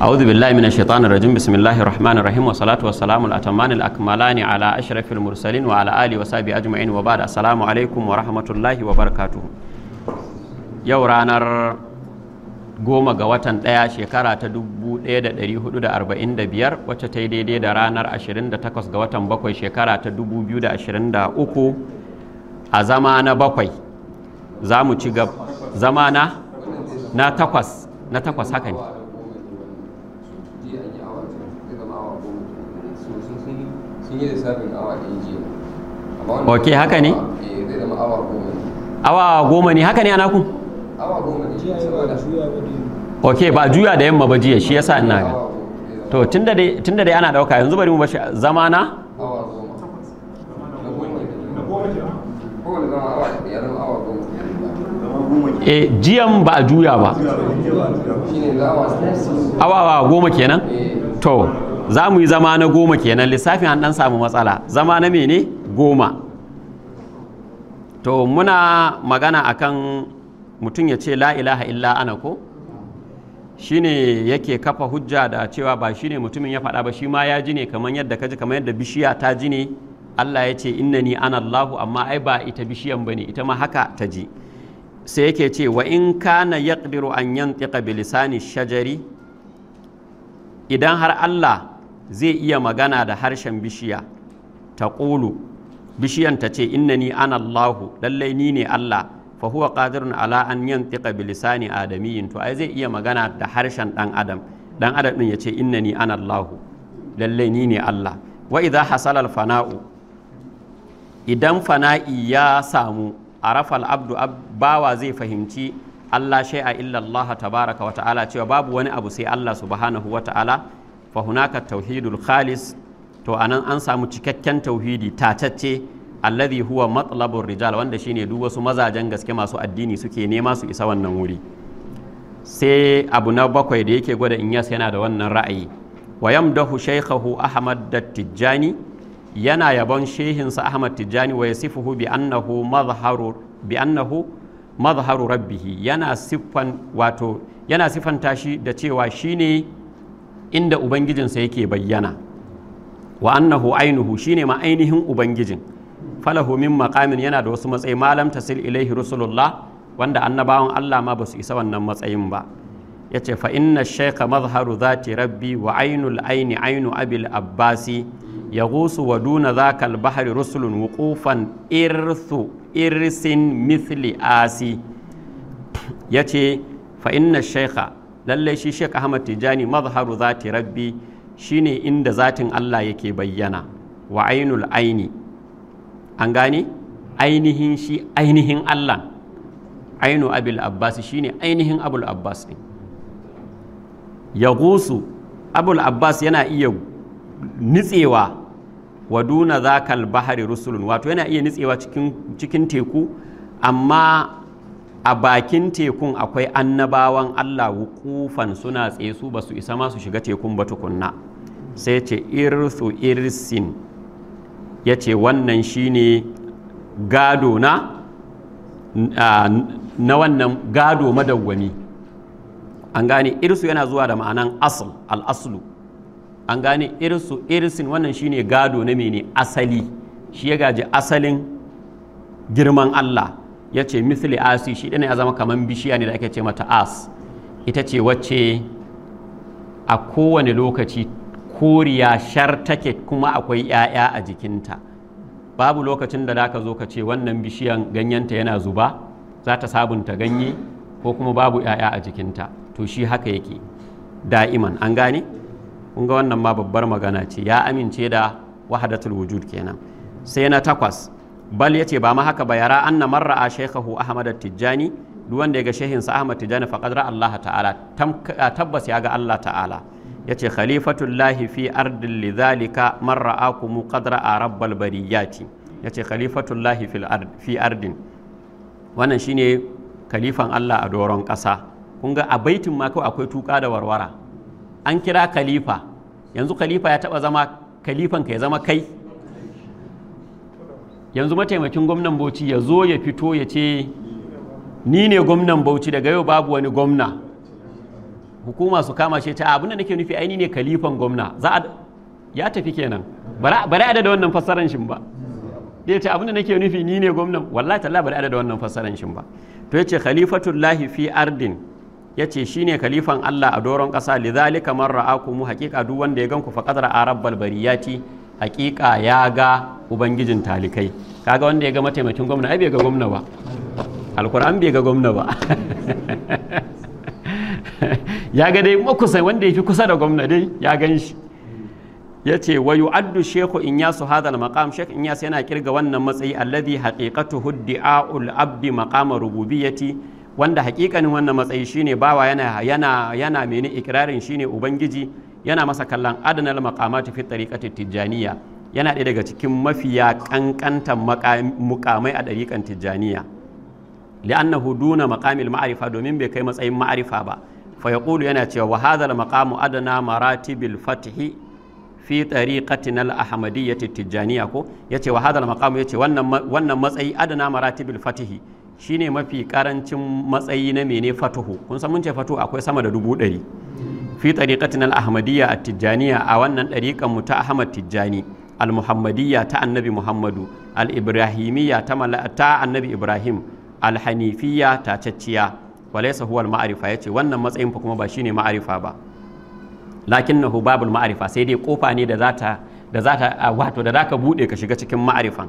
أعوذ بالله من الشيطان الرجيم بسم الله الرحمن الرحيم والصلاة والسلام الأتمان الأكملان على أشرف المرسلين وعلى آله وصحبه أجمعين وبعد السلام عليكم ورحمة الله وبركاته yau ranar goma ga watan ɗaya shekara ta 1445 wacce ta yi daidai da ranar 28 ga watan bakwai shekara ta 2023 a zama na bakwai za mu ci gaba zama na takwas na takwas haka ne yi lissafin awa ok haka eh, ne awa goma ne haka ne ana ku awa goma ne ok ba juya da yamma ba jiya shi yasa ina ga to tunda dai ana dauka yanzu bari mu bashi zamana e eh, jiyan ba a juya ba awa goma kenan eh. to za mu yi zama na goma kenan lissafin an ɗan samu matsala zama na mene goma to muna magana kan mutum ya ce la ilaha illa ana ko Shi ne yake kafa hujja da cewa ba shi ne mutumin ya faɗa ba shi ma ya ji ne kamar yadda kaji kamar yadda bishiya ta ji ne Allah ya ce ni ana Allahu amma ai ba ita bishiyan ba ne. ita ma haka ta ji sai yake ce wa in kana yaqdiru an yantiqa bi shajari idan har Allah zai iya magana da harshen bishiya ta ƙulu bishiyan ta ce innani anallahu. Allahu lallai ni ne Allah fa huwa qadirun ala an yantiqa bi lisani adamiyyin to ai zai iya magana da harshen dan adam dan adam din yace innani ana Allahu lallai ni ne Allah wa idza hasala fana'u idan fana'i ya samu arafa al-abdu bawa zai fahimci Allah shay'a illa Allah tabaraka wa ta'ala cewa babu wani abu sai Allah subhanahu wa ta'ala fa hunaka tauhidul khalis to anan an samu cikakken tauhidi tatacce alladhi huwa matlabur rijal wanda shine duk wasu mazajen gaske masu addini suke nema su isa wannan wuri sai abu na bakwai da yake gwada in yasa yana da wannan ra'ayi wa yamdahu shaykhahu ahmad dattijani yana yabon shehinsa ahmad tijjani wa yasifuhu bi annahu madhharu bi annahu madhharu rabbih yana siffan wato yana siffanta shi da cewa shine inda ubangijinsa yake bayyana wa annahu ainuhu shine ma ainihin ubangijin falahu min maqamin yana da wasu matsayi malam tasil ilaihi rusulullah wanda annabawan Allah ma basu isa wannan matsayin ba yace fa inna shaykha mazharu zati rabbi wa ainul aini ainu abil abbasi yaghusu wa duna dhaka bahri rusulun wuqufan irthu irsin mithli asi yace fa inna shaykha lallai shi Sheikh Ahmad Tijani mazharu zati rabbi shine inda zatin Allah yake bayyana wa ainul aini an gane ainihin shi ainihin Allah ainu abul abbas shine ainihin abul abbas din ya gusu abul abbas yana iya nitsewa wa duna zakal bahari rusulun wato yana iya nitsewa cikin teku amma a bakin tekun akwai annabawan Allah wukufan suna tsaye su ba su isa masu shiga tekun ba tukunna sai ce irsu irsin ya ce wannan shine gado na na wannan gado madawwami an gane irsu yana zuwa da ma'anan asal al'aslu. an gane irsu irsin wannan shine gado na mene asali shi ya gaji asalin girman Allah ya ce misli asi shi ɗana ya zama kamar bishiya ne da ake ce mata as ita ce wacce a kowane lokaci koriya shar take kuma akwai 'ya'ya a jikinta babu lokacin da zaka zo ka ce wannan bishiyan ganyenta yana zuba za ta sabunta ganye ko kuma babu 'ya'ya a jikinta to shi haka yake da'iman an gane kun ga wannan ma babbar magana ce ya amince da wahadatul wujud kenan sai na takwas bal yace ba ma haka ba yara anna marra a shaykhahu ahmad tijjani duk wanda ya ga sa ahmad tijjani faqad ra Allah ta'ala tabbas ya ga Allah ta'ala yace khalifatullahi fi ardin lidhalika man ra'akum qad ra'a rabbal bariyati yace khalifatullahi fil ard fi ardin wannan shine kalifan Allah a doron ƙasa kun ga a baitin ma kai akwai tuka da warwara an kira khalifa yanzu khalifa ya taba zama khalifan ka ya zama kai yanzu mataimakin gwamnan bauchi ya zo ya fito ya ce ni ne gwamnan bauchi daga yau babu wani gwamna hukuma su kama shi ta abinda nake nufi aini ne kalifan gwamna za a ya tafi kenan bari a da wannan fassaran shin ba ya ce abinda nake nufi ni ne gwamnan wallahi talla bari a da wannan fassaran shin ba to ya ce khalifatullahi fi ardin ya ce shi ne kalifan Allah a doron ƙasa lidhalika man ra'akumu haƙiƙa duk wanda ya ganku faqad ra'a rabbal bariyati hakika ya ga ubangijin talikai kaga wanda ya ga mataimakin gwamna ai bai ga gwamna ba alkur'an bai ga gwamna ba ya ga dai makusa wanda ya fi kusa da gwamna dai ya gan shi ya ce wa addu sheku in ya su hadal maqam shekh in ya yana kirga wannan matsayi alladhi haqiqatuhu di'a'ul abdi maqama rububiyyati wanda haƙiƙanin wannan matsayi shine bawa yana yana yana mene ikirarin shine ubangiji yana masa kallon adanal maqamati fi tariqati tijaniya yana ɗaya daga cikin mafiya ƙanƙantan mukamai a ɗariƙan tijjaniya li'annahu duna maqamil ma'arifa domin bai kai matsayin ma'arifa ba fa yaqulu yana cewa wa hadha maqamu adana maratibil fathi fi tariqatina al ahmadiyyati tijjaniya ko yace wa hadha maqamu yace wannan wannan matsayi adana maratibil Fatihi shine mafi karancin matsayi na mene fatuhu kun san mun ce fatuhu akwai sama da dubu ɗari fi tariqatin al-ahmadiyya a tijjaniya a wannan ɗariƙan mu ta Ahmad Tijjani al-muhammadiyya ta annabi Muhammadu al-ibrahimiyya ta annabi Ibrahim al-hanifiyya ta cacciya walaysa sahuwar ma'arifa. Ya yace wannan matsayin fa kuma ba shine ma'arifa ba lakinnahu babul ma'arifa. sai dai kofa ne da zata da zata wato da zaka bude ka shiga cikin ma'rifan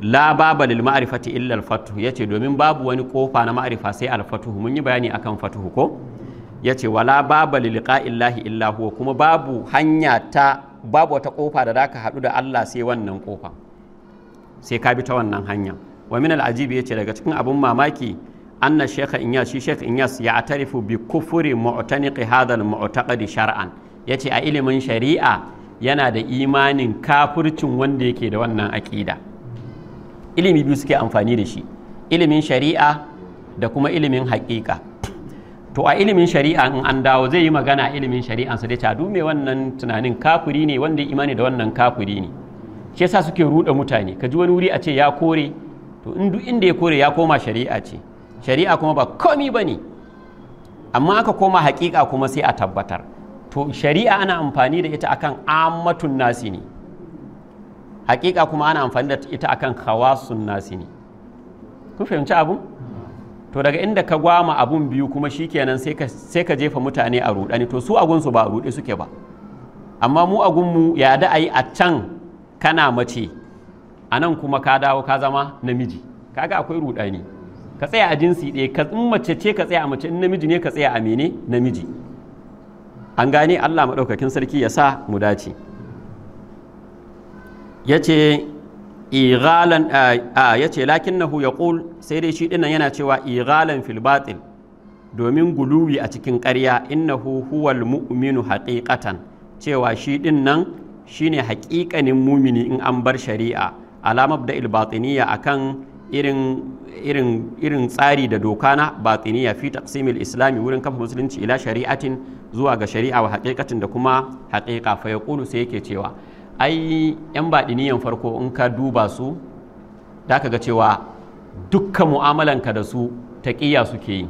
la babal lil ma'rifati illa al-fathu yace domin babu wani kofa na ma'arifa sai al-fathu mun yi bayani akan fatuhu ko ya ce wala baba liqa'illahi illa huwa kuma babu hanya ta babu wata ƙofa da za ka haɗu da Allah sai wannan kofa sai ka bi ta wannan hanya wa min al'ajibi ya ce daga cikin abin mamaki na shekha inyas shi shekha inyas ya atarifu bi kufuri mu'taniqi hadha mutaqadi shar'an ce a ilimin shari'a yana da imanin kafircin wanda yake da wannan aƙida ilimi biyu suke amfani da shi ilimin shari'a da kuma ilimin haƙiƙa to a ilimin shari'a in an dawo zai yi magana ilimin shari'a sa dai ta dume wannan tunanin kafiri ne wanda imani da wannan kafiri ne shi yasa suke ruɗa mutane ka ji wani wuri a ce ya kore to in duk inda ya kore ya koma shari'a ce shari'a kuma ba komi ba ne amma aka koma haƙiƙa kuma sai a tabbatar to shari'a ana amfani da ita akan ammatun nasi ne haƙiƙa kuma ana amfani da ita akan khawasun nasi ne kun fahimci abu to daga inda ka gwama abun biyu kuma shi shikenan sai ka jefa mutane a rudani to su agunsu ba a rude suke ba amma mu agunmu ya da yi a can kana mace a nan kuma ka dawo ka zama namiji kaga akwai rudani ka tsaya a jinsi ɗaya ka in mace ce ka tsaya a mace in namiji ne ka tsaya a mene namiji an gane Allah maɗaukakin sarki ya sa mu dace ya ce ighalan a lakin lakinnahu yaqul sai dai shi dinnan yana cewa iralan fil domin guluwi a cikin ƙarya innahu huwal mu'minu haƙiƙatan cewa shi dinnan shine haƙiƙanin mumini in an bar shari'a alama da ilbatiniya akan irin irin tsari da doka na batiniya fi taqsimil islami wurin kafa musulunci ila shari'atin zuwa ga shari'a wa haƙiƙatin da kuma haƙiƙa fa sai yake cewa ai yan baɗiniyan farko in ka duba su da ka ga cewa dukkan mu'amalanka da su ta ƙiya suke yi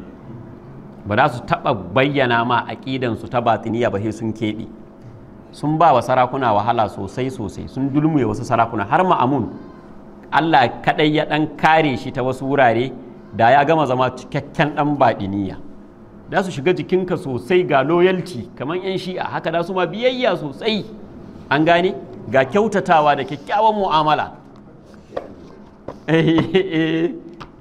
ba za su taɓa bayyana ma aƙidansu ta batiniya ba sai sun keɓe sun ba wa sarakuna wahala sosai sosai sun dulmuye wasu sarakuna har ma'amun allah kaɗai ya ɗan kare shi ta wasu wurare da ya gama zama cikakken ɗan baɗiniya da su shiga jikinka sosai ga loyalci kamar 'yan shi'a haka da su ma biyayya sosai an gane ga kyautatawa da kyakkyawan mu'amala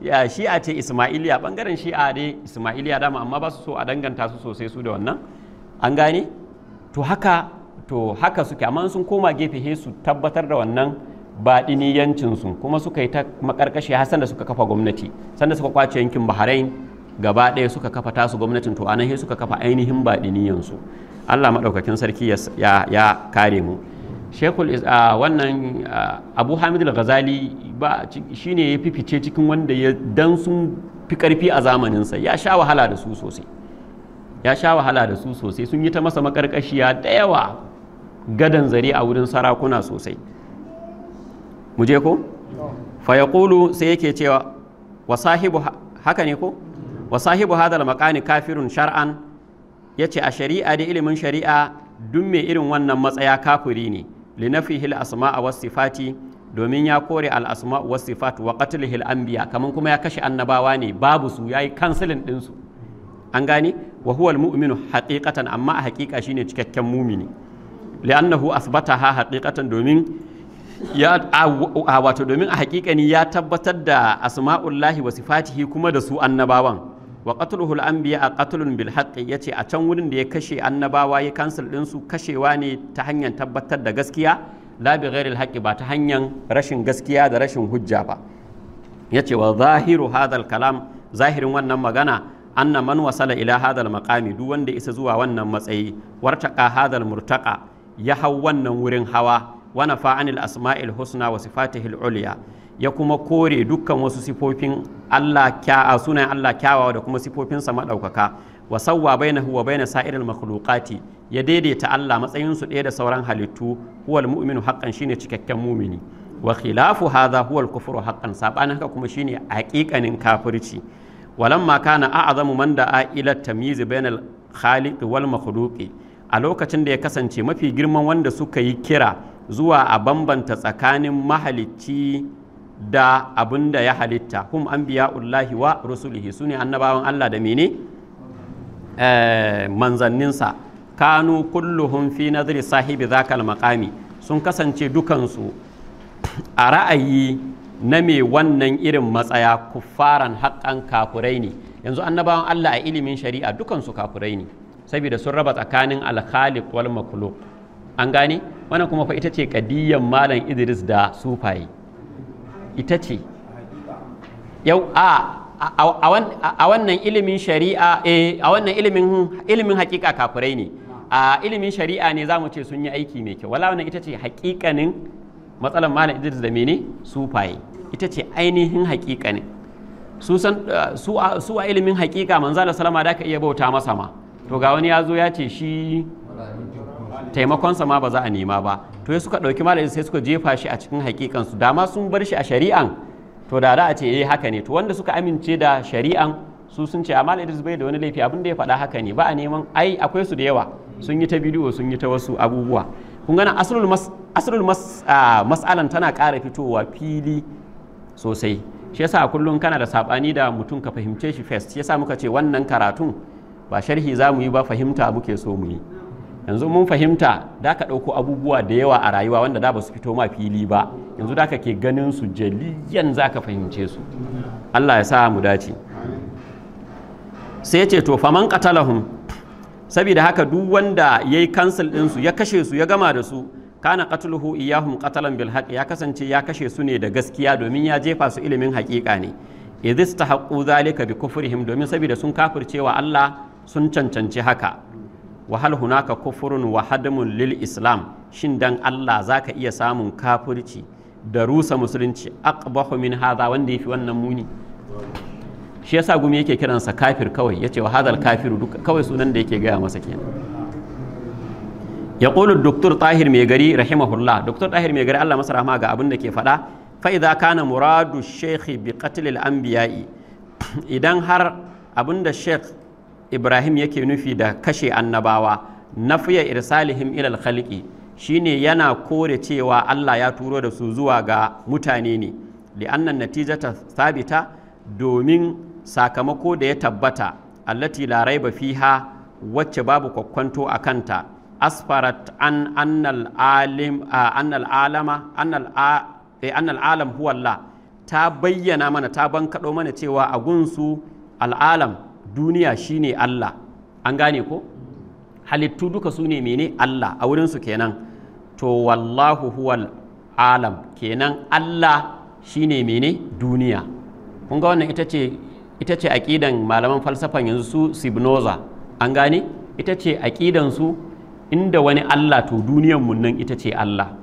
ya shi'a ce ismailiya bangaren shi'a dai ismailiya dama amma ba su so a danganta su sosai su da wannan an gane to haka to haka suke amma sun koma gefe he su tabbatar da wannan baɗiniyancinsu kuma suka yi ta makarkashi har sanda suka kafa gwamnati sanda suka kwace yankin bahrain gaba ɗaya suka kafa tasu gwamnatin to anan he suka kafa ainihin baɗiniyansu allah maɗaukakin sarki ya kare mu shekul a ah, wannan ah, abu hamid al-ghazali ba ne ya fifice cikin wanda ya dan sun fi karfi a zamaninsa ya sha wahala da su sosai ya sha wahala da su sosai sun yi ta masa makarkashiya da yawa gadan zare a wurin sarakuna sosai mu je ko fa yaqulu sai yake cewa wa sahibu haka ne ko wa sahibu hadal maqani kafirun shar'an yace a shari'a da ilimin shari'a duk mai irin wannan matsaya kafiri ne linafihi al-asma'a was sifati domin ya kore al-asma'u was sifat wa qatlihi al-anbiya kaman kuma ya kashe annabawa ne babu su yi kansilin din su an gane wa huwa muminu haqiqatan amma a haqiqa shine cikakken mumini li'annahu asbataha haqiqatan domin ya wato domin a haƙiƙani ya tabbatar da asma'ullahi wa sifatihi kuma da su annabawan wa qatluhu al-anbiya qatlun bil haqqi yace a can wurin da ya kashe annabawa ya kansil din su kashewa ne ta hanyar tabbatar da gaskiya la bi ghairi ba ta hanyar rashin gaskiya da rashin hujja ba yace wa zahiru hadal kalam zahirin wannan magana anna man wasala ila hadal maqami duk wanda isa zuwa wannan matsayi wartaqa hadal murtaqa ya hau wannan wurin hawa wa nafa anil asma'il husna wa sifatihil ulya ya kuma kore dukkan wasu sifofin Allah kya sunan Allah kyawawa da kuma sifofinsa maɗaukaka wa sawwa baina wa baina sa'iril makhluqati ya daidaita Allah matsayin su ɗaya da sauran halittu huwal mu'minu haqqan shine cikakken mumini wa khilafu hadha huwal kufru haqqan sabanin haka kuma shine haƙiƙanin kafirci walamma kana a'zamu man da'a ila tamyiz bainal khaliq wal makhluqi a lokacin da ya kasance mafi girman wanda suka yi kira zuwa a bambanta tsakanin mahalicci da abin da ya halitta hum ullahi wa rusulihi Su ne annabawan Allah da mene eh, manzanninsa kanu kulluhum fi nazari sahibi zakal makami sun kasance dukansu a ra'ayi na mai wannan irin matsaya kuffaran haƙƙan kafurai ne yanzu annabawan Allah a ilimin shari'a dukansu kafurai ne saboda sun raba tsakanin alkhalik wal makhluq an gane wannan kuma fa ita ce kadiyan malam Idris da sufaye ita ce yau a a wannan ilimin shari'a eh, a wannan ilimin ilimin hakika kafirai ne a ilimin shari'a ne za mu ce sun yi aiki mai kyau wala wannan ita ce hakikanin matsalan malam idris da mene sufaye ita ce ainihin hakikanin su san eh, su a ilimin hakika da salama da ka iya bauta masa ma to ga wani ya zo ya ce shi taimakonsa ma ba za a nema ba to suka ɗauki malamin sai suka jefa shi a cikin hakikan su dama sun bar shi a shari'an to da za a ce eh haka ne to wanda suka amince da shari'an su sun ce amma Idris bai da wani laifi abin da ya faɗa haka ne ba a neman ai akwai su da yawa sun yi ta bidiyo sun yi ta wasu abubuwa kun gana asalul mas'alan tana ƙara fitowa fili sosai shi yasa kullum kana da sabani da mutum ka fahimce shi first shi yasa muka ce wannan karatun ba sharhi za mu yi ba fahimta muke so mu yi yanzu mun fahimta da ka ɗauko abubuwa da yawa a rayuwa wanda da ba su fito ma fili ba yanzu da ka ke ganin su jaliyan za ka fahimce su allah ya sa mu dace sai ce to faman qatalahum saboda haka duk wanda yayi yi kansil su ya kashe su ya gama da su kana qatluhu iyahum qatalan bil haqq ya kasance ya kashe su ne da gaskiya domin ya jefa su ilimin haƙiƙa ne idh istahaqqu zalika bi kufrihim domin saboda sun kafircewa Allah sun cancanci haka Wahal hunaka kufurun wa lil islam shin dan Allah zaka iya samun kafirci da rusa musulunci aqbahu min hadha wanda yafi wannan muni shi yasa gumi yake kiransa kafir kawai yace wa hadal kafiru duk kawai sunan da yake gaya masa kenan yaqulu doktor tahir mai gari rahimahullah doktor tahir mai gari Allah masa rahma ga abin ke faɗa fa kana muradu shaykh bi qatl al idan har abinda da ibrahim yake nufi da kashe annabawa na fiye irsalihim ilal khalqi shine yana kore cewa Allah ya turo da su zuwa ga mutane ne li'annan ta sabita domin sakamako da ya tabbata allati ba fi fiha wacce babu kwakwanto a kanta asfarat an annal eh, alam huwa ta bayyana mana ta bankaɗo mana cewa a gunsu al'alam duniya shine Allah an gane ko halittu duka su ne mene Allah a wurinsu kenan to wallahu huwal alam kenan Allah shine mene duniya kun ga wannan ita ce ita ce malaman falsafan yanzu su Sibnoza an gane ita ce aqidan su inda wani Allah to duniyan mu nan ita ce Allah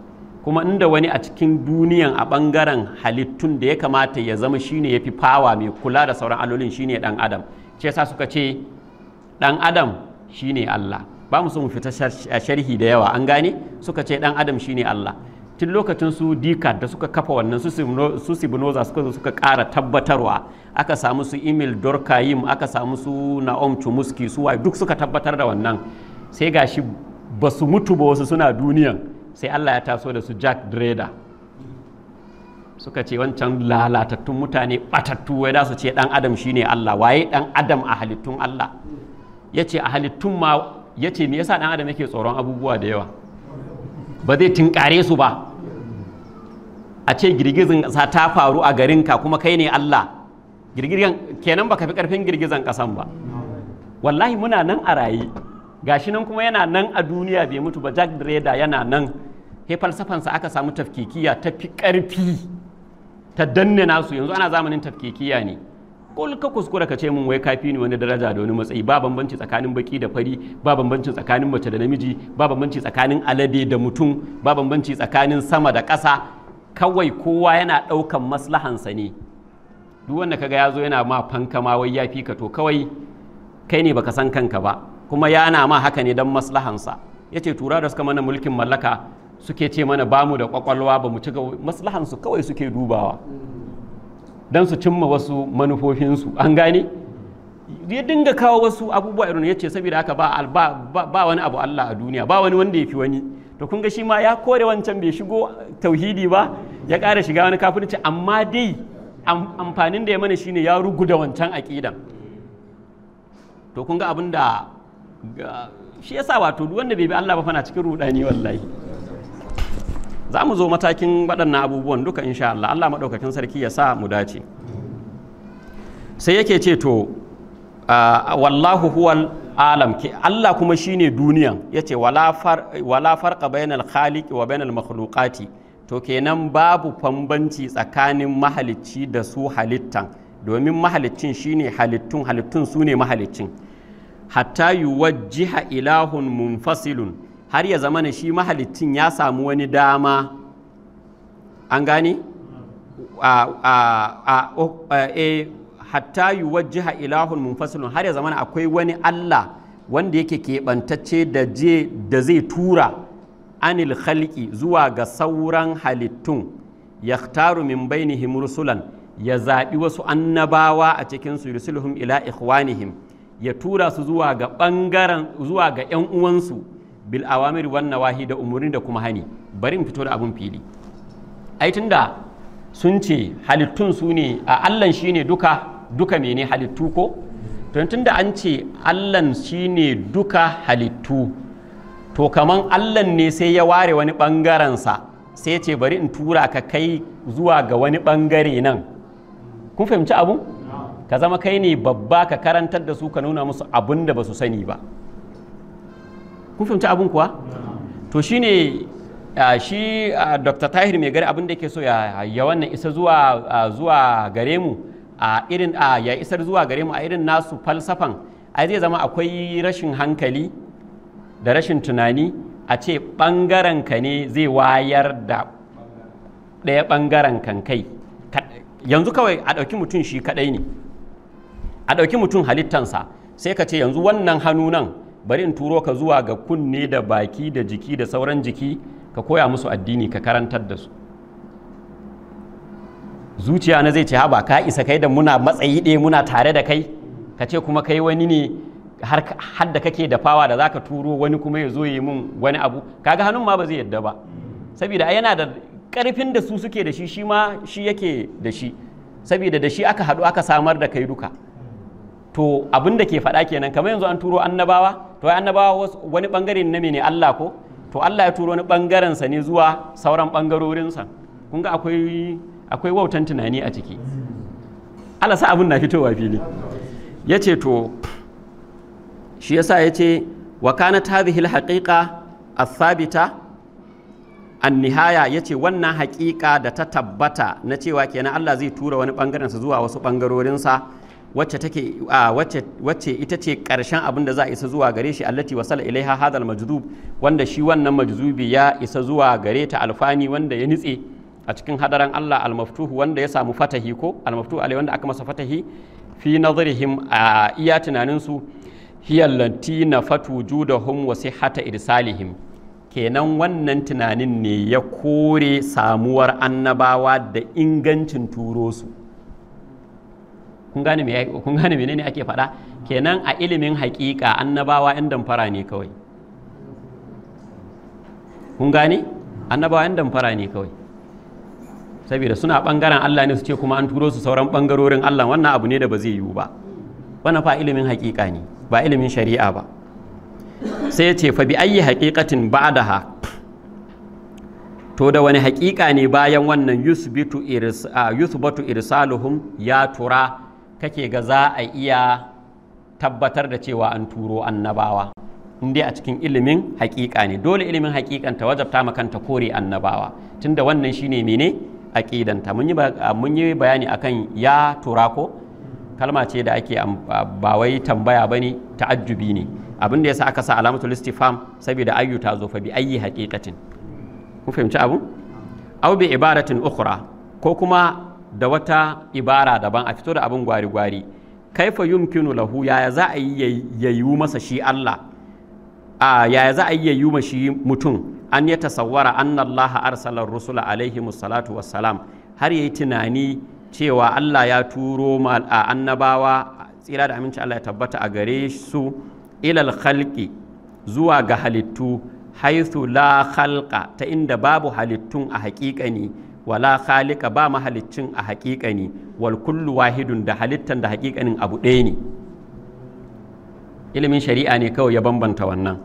kuma inda wani a cikin duniyan a bangaren halittun da ya kamata ya zama shine yafi fawa mai kula da sauran allolin shine dan adam ce yasa suka ce ɗan adam shine Allah ba mu fita mu fita sharhi da yawa an gane suka ce ɗan adam shine Allah tun lokacin su dika da suka kafa wannan su sibinoza suka zo suka ƙara tabbatarwa aka samu su emil dorkayim aka samu su na'om chomuski su duk suka tabbatar da wannan sai gashi ba su mutu ba wasu suna duniyan sai Allah ya taso da su Jack Drader suka ce wancan lalatattun mutane batattu wai da su ce dan adam shine Allah waye dan adam a halittun Allah yace a halittun ma yace me yasa dan adam yake tsoron abubuwa da yawa ba zai tinkare su ba a ce girgizin ƙasa ta faru a garin ka kuma kai ne Allah girgizan kenan baka fi karfin girgizan kasan ba wallahi muna nan a raye gashi nan kuma yana nan a duniya bai mutu ba Jack Dreda yana nan he falsafansa aka samu tafkikiya ta fi ƙarfi ta danne nasu yanzu ana zamanin tafkikiya ne kul ka kuskura ka ce min wai kafi ni wani daraja da wani matsayi ba bambanci tsakanin baki da fari ba bambanci tsakanin mace da namiji ba bambanci tsakanin alade da mutum ba bambanci tsakanin sama da ƙasa kawai kowa yana ɗaukan maslahansa ne duk wanda kaga ya zo yana ma fanka ma wai ya fi ka to kawai kai ne baka san kanka ba kuma yana ma haka ne don maslahansa ya ce tura da suka mana mulkin mallaka suke ce mana ba mu da kwakwalwa ba mu ci maslahansu kawai suke dubawa don su cimma wasu manufofinsu an gane ya dinga kawo wasu abubuwa irin ya ce saboda aka ba wani abu Allah a duniya ba wani wanda ya fi wani to kun ga shi ma ya kore wancan bai shigo tauhidi ba ya ƙara shiga wani kafirci amma dai amfanin da ya mana shine ya rugu da wancan aƙidan to kun ga abin da shi yasa wato duk wanda bai bi Allah ba fana cikin rudani wallahi za mu zo matakin waɗannan abubuwan duka insha Allah Allah maɗaukakin sarki ya sa mu dace sai yake ce to wallahu huwal alam ki Allah kuma shine duniyan ya ce, wala farka bainal khaliqi wa bainal makhluqati to kenan babu fambanci tsakanin mahalicci da su halittan domin mahalicin shine halittun halittun su ne mahalicin hatta yuwajjiha ilahun munfasilun har ya zama shi mahalittin ya samu wani dama an a e, hatta yi wajjiha ilahun munfasilun har ya zama akwai wani Allah wanda yake keɓantacce da zai tura anil khalqi zuwa ga sauran halittun ya taru min bainihim rusulan ya zaɓi wasu annabawa a cikin su rusuluhum ila ikhwanihim ya tura su zuwa ga ɓangaren zuwa ga 'yan uwansu bil awamir wan nawahi da umarni da kuma hani bari in fito da abun fili ai tunda sun ce halittun su ne a allan shine duka duka mene halittu ko to tunda an ce allan shine duka halittu to kaman allan ne sai ya ware wani bangaren sa sai ce bari in tura ka kai zuwa ga wani bangare nan kun fahimci abu ka zama kai ne babba ka karantar da su ka nuna musu abun da ba su sani ba kun fahimci abin kuwa to shine shi dr tahir mai gari abin da yake so ya wannan isa zuwa gare mu a irin ya isar zuwa gare mu a irin nasu falsafan ai zai zama akwai rashin hankali da rashin tunani a ce ɓangaren ka ne zai wayar da ɗaya ɓangaren kan kai yanzu kawai a ɗauki mutum shi kaɗai ne a ɗauki mutum halittansa sai ka ce yanzu wannan hannu nan bari in turo ka zuwa ga kunne da baki da jiki da sauran jiki ka koya musu addini ka karantar da su zuciya na zai ce haba ka isa kai da muna matsayi ɗaya muna tare da kai ka ce kuma kai wani ne har da kake dafawa da zaka turo wani kuma ya zo yi mun wani abu kaga hannun ma ba zai yadda ba saboda a yana da karfin da su suke da shi shi ma shi yake da shi saboda da shi aka haɗu aka samar da kai duka to abin da ke faɗa kenan kamar yanzu an turo annabawa to annabawa wani bangare na mene Allah ko to Allah ya turo wani bangaren sa ne zuwa sauran bangarorin sa kun ga akwai akwai wautan tunani a ciki Allah sa abin na fitowa fili yace to shi yasa yace wa kanat hadhihi al-haqiqa as-sabita an nihaya ya wannan haƙiƙa da ta tabbata na cewa kenan Allah zai tura wani ɓangarensa zuwa wasu ɓangarorinsa wacce ita ce karshen abin da za a isa zuwa gare shi allati wasala ilaiha hadal majdub wanda shi wannan majdubi ya isa zuwa gare ta alfani wanda ya nitse a cikin hadaran Allah almaftuhu wanda ya samu fatahi ko almaftuhu alai wanda aka masa fatahi fi nazarihim a iya tunanin su na fatu judahum wa sihhata irsalihim kenan wannan tunanin ne ya kore samuwar annabawa da ingancin turo su kun gane me kun gane menene ake faɗa kenan a ilimin haƙiƙa annabawa yan damfara ne kawai kun gane annabawa yan damfara ne kawai saboda suna bangaren Allah ne su ce kuma an turo su sauran bangarorin Allah wannan abu ne da ba zai yiwu ba wannan fa ilimin haƙiƙa ne ba ilimin shari'a ba sai ya ce fa bi ba da ba'daha to da wani haƙiƙa ne bayan wannan yusbatu irsaluhum ya tura kake ga za a iya tabbatar da cewa an turo annabawa dai a cikin ilimin haƙiƙa ne dole ilimin haƙiƙan ta wajabta makanta kore annabawa tunda wannan shine mene aqidanta mun yi bayani akan ya turako kalma ce da ake ba wai tambaya bane ta'ajjubi ne abin da yasa aka sa alamatul istifham saboda ayyu ta zo fa bi ayyi haqiqatin ku fahimci abu aw bi ibaratin ukhra ko kuma da wata ibara daban a fito da abin gwari-gwari kaifa yumkinu lahu yaya za a yi yayu masa shi Allah a yaya za a yi yayu ma shi mutum an ya tasawwara anna Allah arsala rusula alaihi musallatu wassalam har yayi tunani cewa Allah ya turo mal a annabawa tsira da aminci Allah ya tabbata a gare su ilal khalqi zuwa ga halittu haithu la khalqa ta inda babu halittun a haƙiƙani wala khalika ba mahaliccin a haƙiƙani wal kullu wahidun da halittan da haƙiƙanin abu ɗaya ne ilimin shari'a ne kawai ya bambanta wannan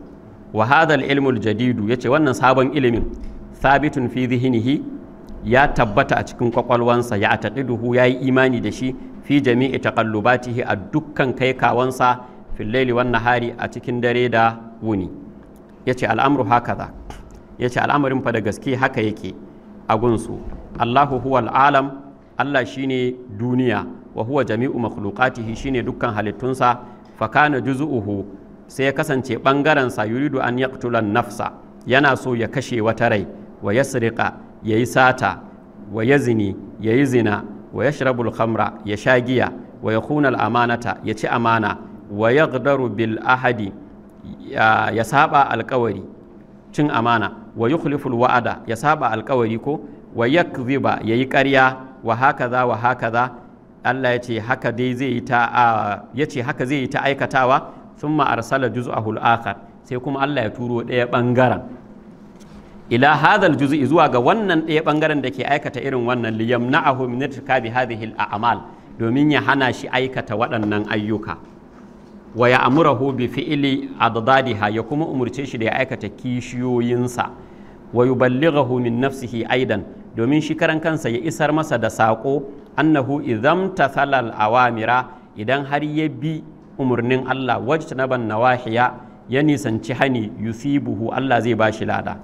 wa hadha ilmul jadidu yace wannan sabon ilimin sabitun fi ya tabbata a cikin kwakwalwansa ya ataqiduhu ya yi imani da shi fi jami'i taqallubatihi a dukkan kai kawansa fil laili wan nahari a cikin dare da wuni yace al'amru hakaza yace al'amarin fa da gaske haka yake a Allahu huwal alam Allah shine duniya wa huwa jami'u makhluqatihi shine dukkan halittunsa fa kana juz'uhu sai ya kasance bangaren sa yuridu an yaqtula nafsa yana so ya kashe wata rai wa yasriqa yayi sata wa yazni yayi zina wa yashrabul khamra ya sha giya wa yakhuna al amanata ya ci amana wa yaghdaru bil ahadi ya saba alkawari cin amana wa yukhliful wa'ada ya saba alkawari ko wa yakziba yayi ƙarya wa hakaza wa hakaza Allah ya ce haka dai zai yi ta ya ce haka zai yi ta aikatawa thumma arsala juz'ahu al-akhar sai kuma Allah ya turo ɗaya bangaren ila hadhal juz'i zuwa ga wannan ɗaya bangaren da ke aikata irin wannan liyamna'ahu min irtikabi hadhihi al-a'mal domin ya hana shi aikata waɗannan ayyuka wa ya amurahu bi fi'ili adadadiha ya kuma umurce shi da ya aikata kishiyoyinsa wa yuballighahu min nafsihi aidan domin shi karan kansa ya isar masa da saƙo annahu idan tathalal awamira idan har ya bi umarnin Allah wajtanaban nawahiya ya nisanci hani yusibuhu Allah zai bashi lada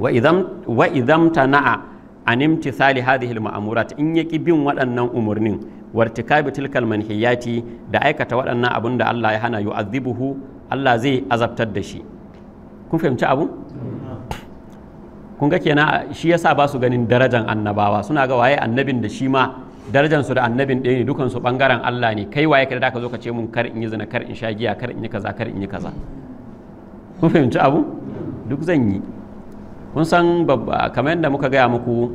wa idan wa idan tana'a an imtithali hadhihi al-ma'murat in yaki bin waɗannan umarnin wartikabi tilkal manhiyati da aikata waɗannan abun da Allah ya hana yu'adhibuhu Allah zai azabtar da shi kun fahimci abu kun ga kenan shi yasa ba su ganin darajan annabawa suna ga waye annabin da shi ma darajan su da annabin ɗaya ne dukan su bangaren Allah ne kai waye kada ka zo ka ce mun kar in yi zina kar in sha giya kar in yi kaza kar in yi kaza kun fahimci abu duk zan yi kun san kamar yadda muka gaya muku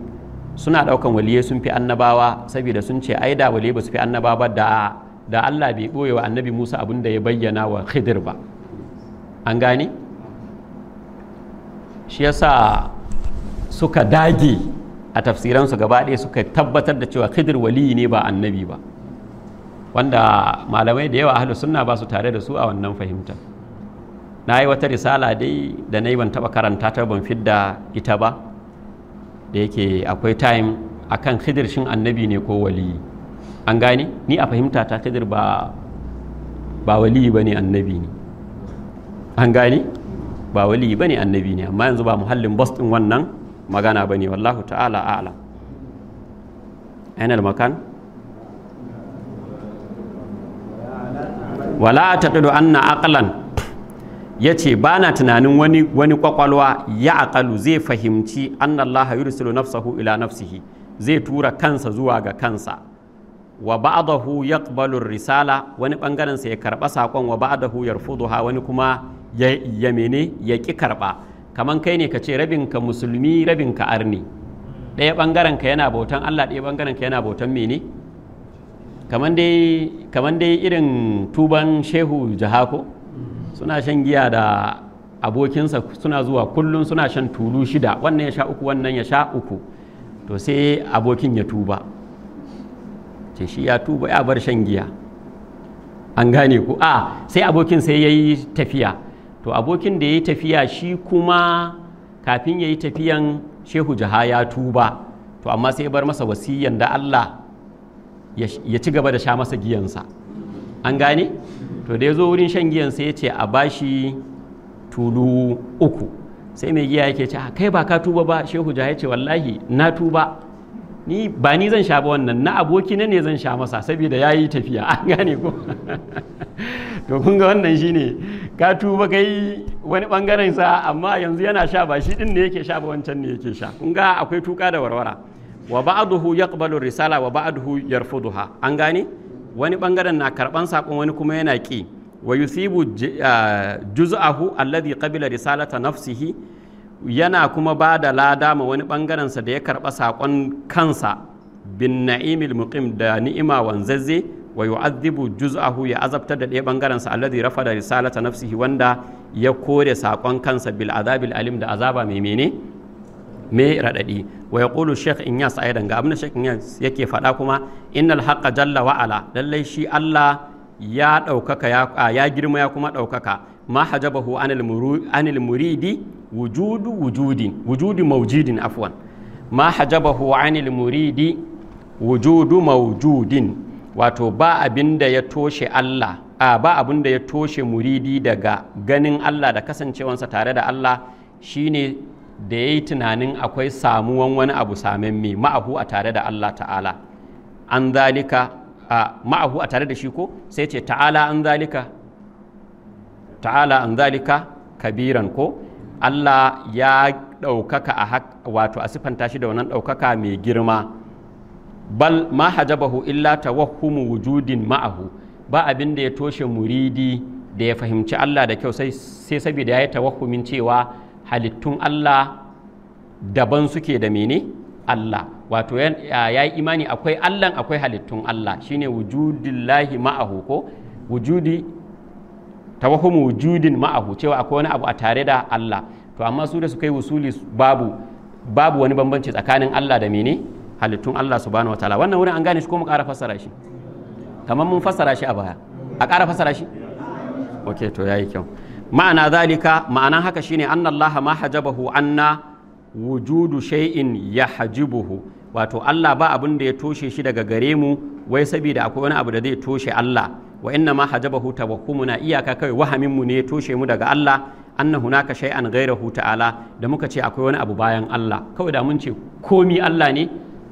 suna ɗaukan waliyai sun fi annabawa saboda sun ce ai da waliyai ba su fi annabawa da da Allah bai boye wa annabi Musa abin da ya bayyana wa Khidir ba an gane shi yasa suka dage a tafsiransu gaba ɗaya suka tabbatar da cewa Khidir waliyi ne ba annabi ba wanda malamai da yawa ahlu sunna ba su tare da su a wannan fahimta na yi wata risala dai da na yi ban taɓa karanta ta ban fidda ita ba da yake akwai time akan khidir shin annabi ne ko wali an gane ni a fahimta ta khidir ba ba waliyi bane annabi ne an gane ba waliyi bane annabi ne amma yanzu ba muhallin bas din wannan magana bane wallahu ta'ala a'lam ainihin makan wala taqidu anna aqlan ya ce ba na tunanin wani wani kwakwalwa ya aƙalu zai fahimci annallaha yursilu nafsahu ila nafsihi zai tura kansa zuwa ga kansa wa ba'dahu yaqbalu risala wani bangaren sa ya karba sakon wa ba'dahu yarfuduha wani kuma ya ya mene ya ki karba kaman kai ne ka ce rabin ka musulmi rabin ka arni ɗaya bangaren ka yana bautan Allah ɗaya bangaren ka yana bautan mene kaman dai kaman dai irin tuban shehu jahako suna shan giya da abokinsa suna zuwa kullum suna shan tulu shida wannan ya sha uku wannan ya sha uku to sai abokin ya tuba ce shi ya tuba ya bar shan giya an gane ku a sai abokin sai ya yi tafiya to abokin da ya yi tafiya shi kuma kafin ya yi tafiyan shehu jaha ya tuba to amma sai ya bar masa wasiyan da allah ya ci gaba da sha masa giyansa an gane to da ya zo wurin shan giyan sai ya ce a bashi tulu uku sai mai giya yake ce ah, kai ba ka tuba ba shehu ja ya ce wallahi na tuba ni ba ni zan sha ba wannan na aboki na ne zan sha masa saboda ya yi tafiya an gane ko to kun ga wannan shine ka tuba kai wani bangaren sa amma yanzu yana sha ba shi din ne yake sha ba wancan ne yake sha kun ga akwai tuka da warwara wa ba'duhu yaqbalu risala wa ba'duhu yarfuduha an gane wani bangaren na karban sakon wani kuma yana ki wa yusibu juz'ahu alladhi qabila risalata nafsihi yana kuma ba da lada ma wani bangaren sa da ya karba sakon kansa bin na'imil muqim da ni'ima wanzazze wa yu'adhibu juz'ahu ya azabtar da ɗaya bangaren sa alladhi rafada risalata nafsihi wanda ya kore sakon kansa bil azabil alim da azaba mai mene me raɗaɗi wa yaqulu shaykh inyas aidan ga abin da inyas yake faɗa kuma innal haqqa jalla wa ala lallai shi Allah ya ɗaukaka ya girma ya kuma ɗaukaka ma hajabahu anil muridi wujudu wujudin wujudu mawjidin afwan ma hajabahu anil muridi wujudu mawjudin wato ba abin da ya toshe Allah a ba abin da ya toshe muridi daga ganin Allah da kasancewansa tare da Allah shine da ya yi tunanin akwai samuwan wani abu mai ma'ahu a tare da Allah ta'ala an zalika a ma'ahu a tare da shi ko sai ce ta'ala an zalika ta'ala an zalika kabiran ko Allah ya ɗaukaka a wato a siffanta shi da wannan ɗaukaka mai girma bal ma hajabahu illa tawahhumu wujudin ma'ahu ba abin da ya toshe muridi da ya fahimci Allah da kyau sai saboda ya yi tawahhumin cewa halittun Allah daban suke da mene Allah wato ya yi imani akwai Allah akwai halittun Allah shine wujudillahi ma'ahu ko wujudi tawahumu wujudin ma'ahu cewa akwai wani abu a tare da Allah to amma su da su kai wusuli babu babu wani bambanci tsakanin Allah da mene halittun Allah subhanahu wataala wannan wurin an gane shi ko mu ƙara fassara shi kamar mun fassara shi a baya a ƙara fassara shi ok to yayi kyau ma'ana zalika ma'anan haka shine annallaha ma hajabahu anna wujudu shay'in yahjibuhu wato Allah ba abin da ya toshe shi daga gare mu wai saboda akwai wani abu da zai toshe Allah wa inna ma hajabahu tawakkumuna iyaka kai wahamin mu ne ya toshe mu daga Allah anna hunaka shay'an ghayrahu ta'ala da muka ce akwai wani abu bayan Allah kawai da mun ce komi Allah ne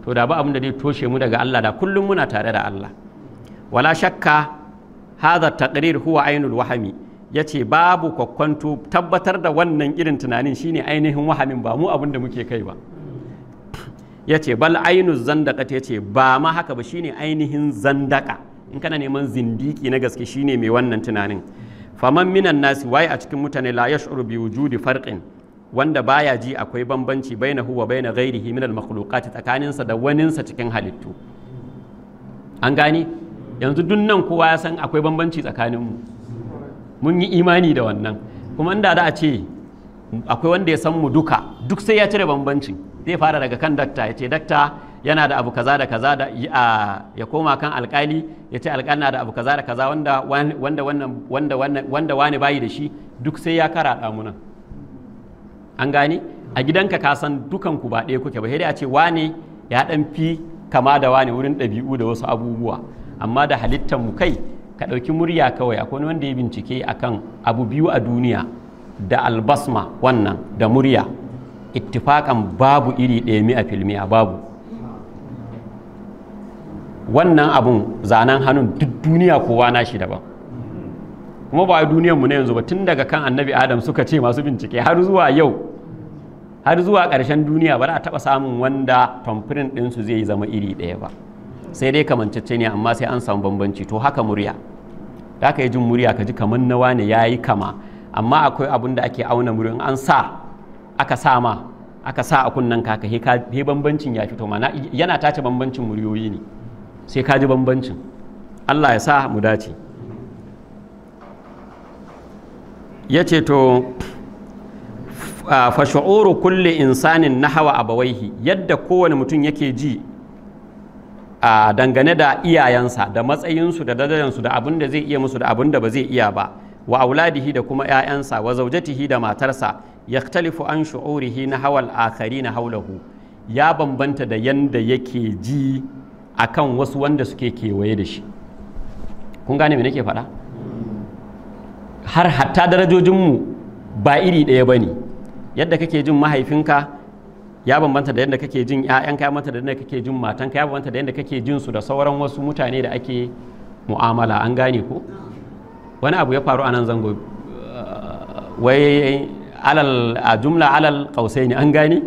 to da ba abin da zai toshe mu daga Allah da kullum muna tare da Allah wala shakka hadha at-taqrir huwa ainul wahami. ya ce babu kwakwanto tabbatar da wannan irin tunanin shine ainihin wahamin ba mu abin da muke kai ba ya ce bal ainu zandaka ta ce ba ma haka ba shine ainihin zandaka in kana neman zindiki na gaske shine mai wannan tunanin faman minan nasi waye a cikin mutane la yash'uru bi wujudi farqin wanda baya ji akwai bambanci baina huwa baina ghairihi min al makhluqat tsakaninsa da waninsa cikin halittu an gane yanzu duk kowa ya san akwai bambanci tsakaninmu mun yi imani da wannan kuma inda da a ce akwai wanda ya san mu duka duk sai ya cire bambanci zai fara daga kan dakta ya ce dakta yana da abu kaza da kaza da ya koma kan alkali ya ce alkali na da abu kaza da kaza wanda wani bayi da shi duk sai ya kara damunan an gane a gidanka ka san dukan ku ba ɗaya kuke ba sai a ce wani ya dan fi kama da wani wurin ɗabi'u da wasu abubuwa amma da halittar mu kai ka ɗauki murya kawai akwai wanda ya bincike a kan abu biyu a duniya da albasma wannan da murya ittifakan babu iri ɗaya mi a filmiya babu wannan abun zanen hannun duk duniya kowa na shi daban kuma ba duniyar mu na yanzu ba tun daga kan annabi adam suka ce masu bincike har zuwa yau har zuwa ƙarshen duniya ba za a taɓa samun wanda tamfirin ɗinsu zai zama iri ɗaya ba sai dai kamancacce ne amma sai an samu bambanci to haka murya da ka yi jin murya ka ji kamar na wane ya yi kama amma akwai abin da ake auna murya an sa aka sa ma aka sa a kunnen kaka he bambancin ya fito mana yana tace bambancin muryoyi ne sai ka ji bambancin Allah ya sa mu dace ya ce to fashu'uru kulli insanin a abawaihi yadda kowane mutum yake ji a dangane da iyayensa da matsayinsu da darajarsu da abin da zai iya musu da abin da ba zai iya ba wa auladihi da kuma 'ya'yansa wa zaujatihi da matarsa yaktalifu an shu'urihi na hawal akari na haulahu ya bambanta da yanda yake ji a kan wasu wanda suke kewaye da shi kun gane me nake faɗa har hatta darajojinmu ba iri ɗaya ba ne yadda kake jin mahaifinka ya bambanta da yadda kake jin ƴaƴanka ya bambanta da yadda kake jin matanka ya bambanta da yadda kake jin su da sauran wasu mutane da ake mu'amala an gane ko wani abu ya faru a nan zango uh, wai alal a jumla alal kausai ne an gane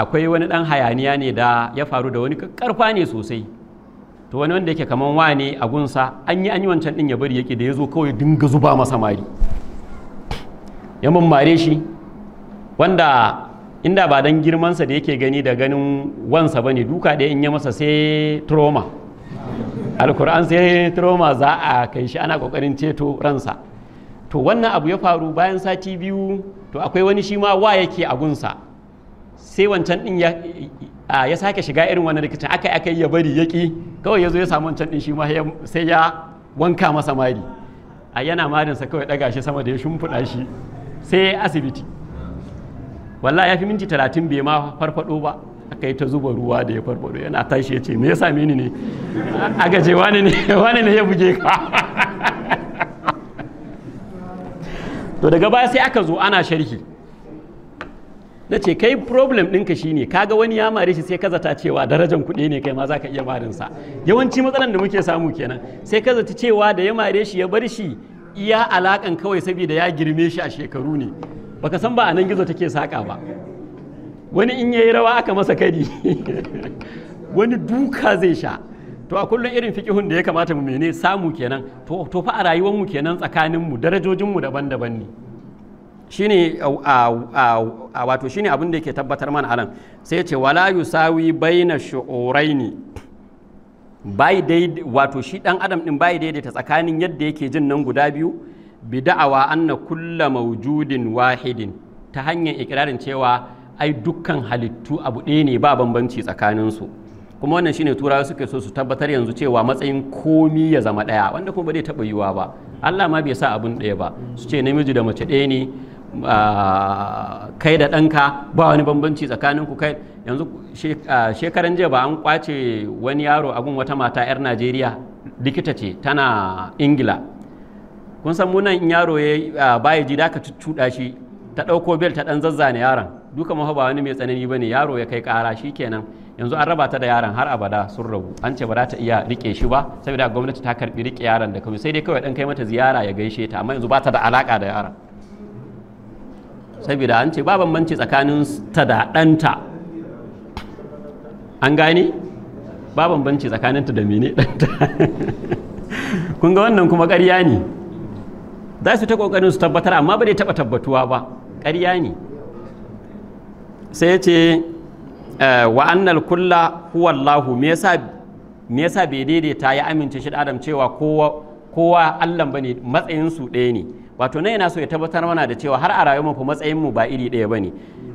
akwai wani dan hayaniya ne da ya faru da wani karfa ne sosai to wani wanda yake kaman wane a gunsa an yi an yi wancan din ya bari yake da ya zo kawai dinga zuba masa mari ya mummare shi wanda inda ba dan girmansa da yake gani da ganin wansa bane duka da in ya masa sai trauma alkur'an sai trauma za a kai shi ana kokarin ceto ransa to wannan abu ya faru bayan sati biyu to akwai wani shi ma wa yake a gunsa sai wancan din ya ya sake shiga irin wannan rikicin aka aka ya bari yaki kawai ya zo ya samu wancan din shi ma sai ya wanka masa mari a yana marinsa kawai daga shi sama da ya shumfuda shi sai asibiti Walla ya fi minti talatin bai ma farfado ba aka yi ta zuba ruwa da ya farfado yana tashi ya ce me ya same ni ne a gaje wani ne ya buge ka to daga baya sai aka zo ana sharhi na ce kai problem ɗinka shine kaga wani ya mare shi sai ka zata cewa darajan kuɗi ne kai ma za ka iya marinsa. yawanci matsalan da muke samu kenan sai ka zata cewa da ya mare shi ya bar shi iya alakan kawai saboda ya girme shi a shekaru ne baka san ba a nan gizo take saƙa ba wani in yayi rawa aka masa kari wani duka zai sha to a kullum irin fikihun da ya kamata mu mene samu kenan to fa a rayuwar mu kenan tsakanin mu darajojin mu daban-daban ne shine a wato shine abin da yake tabbatar mana anan sai ya ce wala yusawi baina shu'uraini bai dai wato shi dan adam din bai daidaita tsakanin yadda yake jin nan guda biyu bi da'awa anna kulla mawjudin wahidin ta hanyar ikirarin cewa ai dukkan halittu abu ɗaya ne ba bambanci tsakanin su kuma wannan shine turawa suke so su tabbatar yanzu cewa matsayin komi ya zama ɗaya wanda kuma ba zai taɓa yiwuwa ba Allah ma bai sa abun ɗaya ba su ce namiji da mace ɗaya ne kai da ɗanka ba wani bambanci tsakaninku kai yanzu shekaran jiya ba an kwace wani yaro agun wata mata 'yar najeriya likita ce tana ingila kun san munan in yaro ya baya ji da ka cuɗa shi ta ɗauko bel ta ɗan zazzane yaron duka maha ba wani mai tsanani ba ne yaro ya kai ƙara shi kenan yanzu an raba ta da yaron har abada sun rabu an ce ba za ta iya rike shi ba saboda gwamnati ta karɓi rike yaron da kuma sai dai kawai ɗan kai mata ziyara ya gaishe ta amma yanzu ba ta da alaka da yaron saboda an ce ba bambanci tsakanin ta da ɗanta an gane ba bambanci tsakanin ta da mine ɗanta kun ga wannan kuma ƙarya ne za su ta ƙoƙarin su tabbatar amma ba dai taɓa tabbatuwa ba ƙarya ne sai ce eh, wa annal kulla huwallahu me yasa bai daidaita ya amince shi adam cewa kowa Allah ne matsayin su ɗaya ne wato na yana so ya tabbatar mana da cewa har a rayuwar mu matsayin mu ba iri ɗaya bane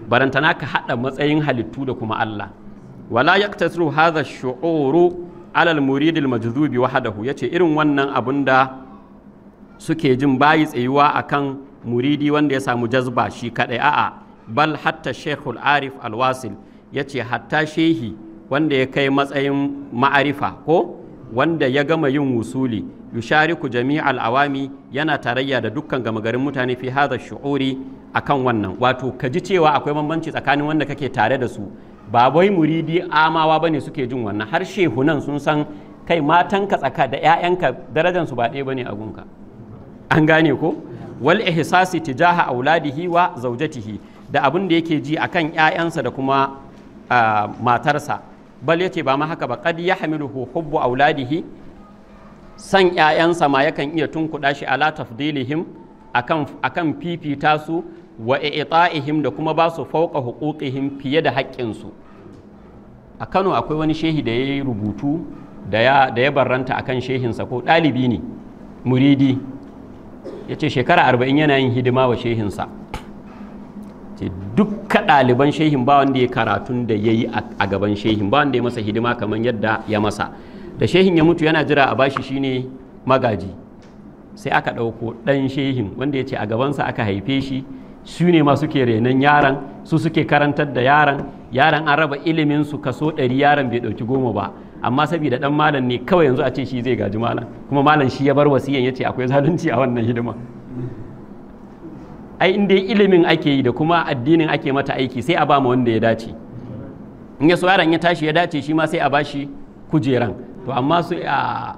barantana ka hada matsayin halittu da kuma Allah wala yaktasru hadha shu'uru alal murid al majzubi wahdahu yace irin wannan abun da suke jin bayi tsayuwa akan muridi wanda ya samu jazba shi kadai a'a bal hatta shaykhul arif al wasil yace hatta shehi wanda ya kai matsayin ma'arifa ko wanda ya gama yin wusuli yushariku jami'al awami yana tarayya da dukkan gama garin mutane fi hadha shu'uri akan wannan wato ka ji cewa akwai bambanci tsakanin wanda kake tare da su ba wai muridi amawa bane suke jin wannan har shehunan sun san kai matanka tsaka da 'ya'yanka darajar su ba ɗaya bane a gunka an gane ko wal ihsasi tijaha auladihi wa zaujatihi da abin da yake ji akan 'ya'yansa da kuma ah, matarsa bal yace ba ma haka ba qad yahmiluhu hubbu auladihi san ‘ya'yansa ma yakan iya tunkuɗa shi ala tafdilihim akan fifita su wa i'ta'ihim da kuma ba su fauka huquqihim fiye da haƙƙinsu a Kano akwai wani shehi da ya rubutu da ya da ya barranta akan shehinsa ko ɗalibi ne muridi yace shekara arba'in yana yin hidima wa shehinsa ce dukka ɗaliban shehin ba wanda ya karatun da ya yi a gaban shehin ba wanda ya masa hidima kamar yadda ya masa da shehin ya mutu yana jira a bashi shine magaji sai aka ɗauko ɗan shehin wanda ya ce a gabansa aka haife shi su ne masu ke renon yaran su suke karantar da yaran yaran an raba ilimin su kaso ɗari yaran bai ɗauki goma ba amma saboda ɗan malam ne kawai yanzu a ce shi zai gaji malam kuma malam shi ya bar wasiyan ya ce akwai zalunci a wannan hidima ai inda ilimin ake yi da kuma addinin ake mata aiki sai a ba ma wanda ya dace in ya so yaran ya tashi ya dace shi ma sai a bashi kujeran to amma su a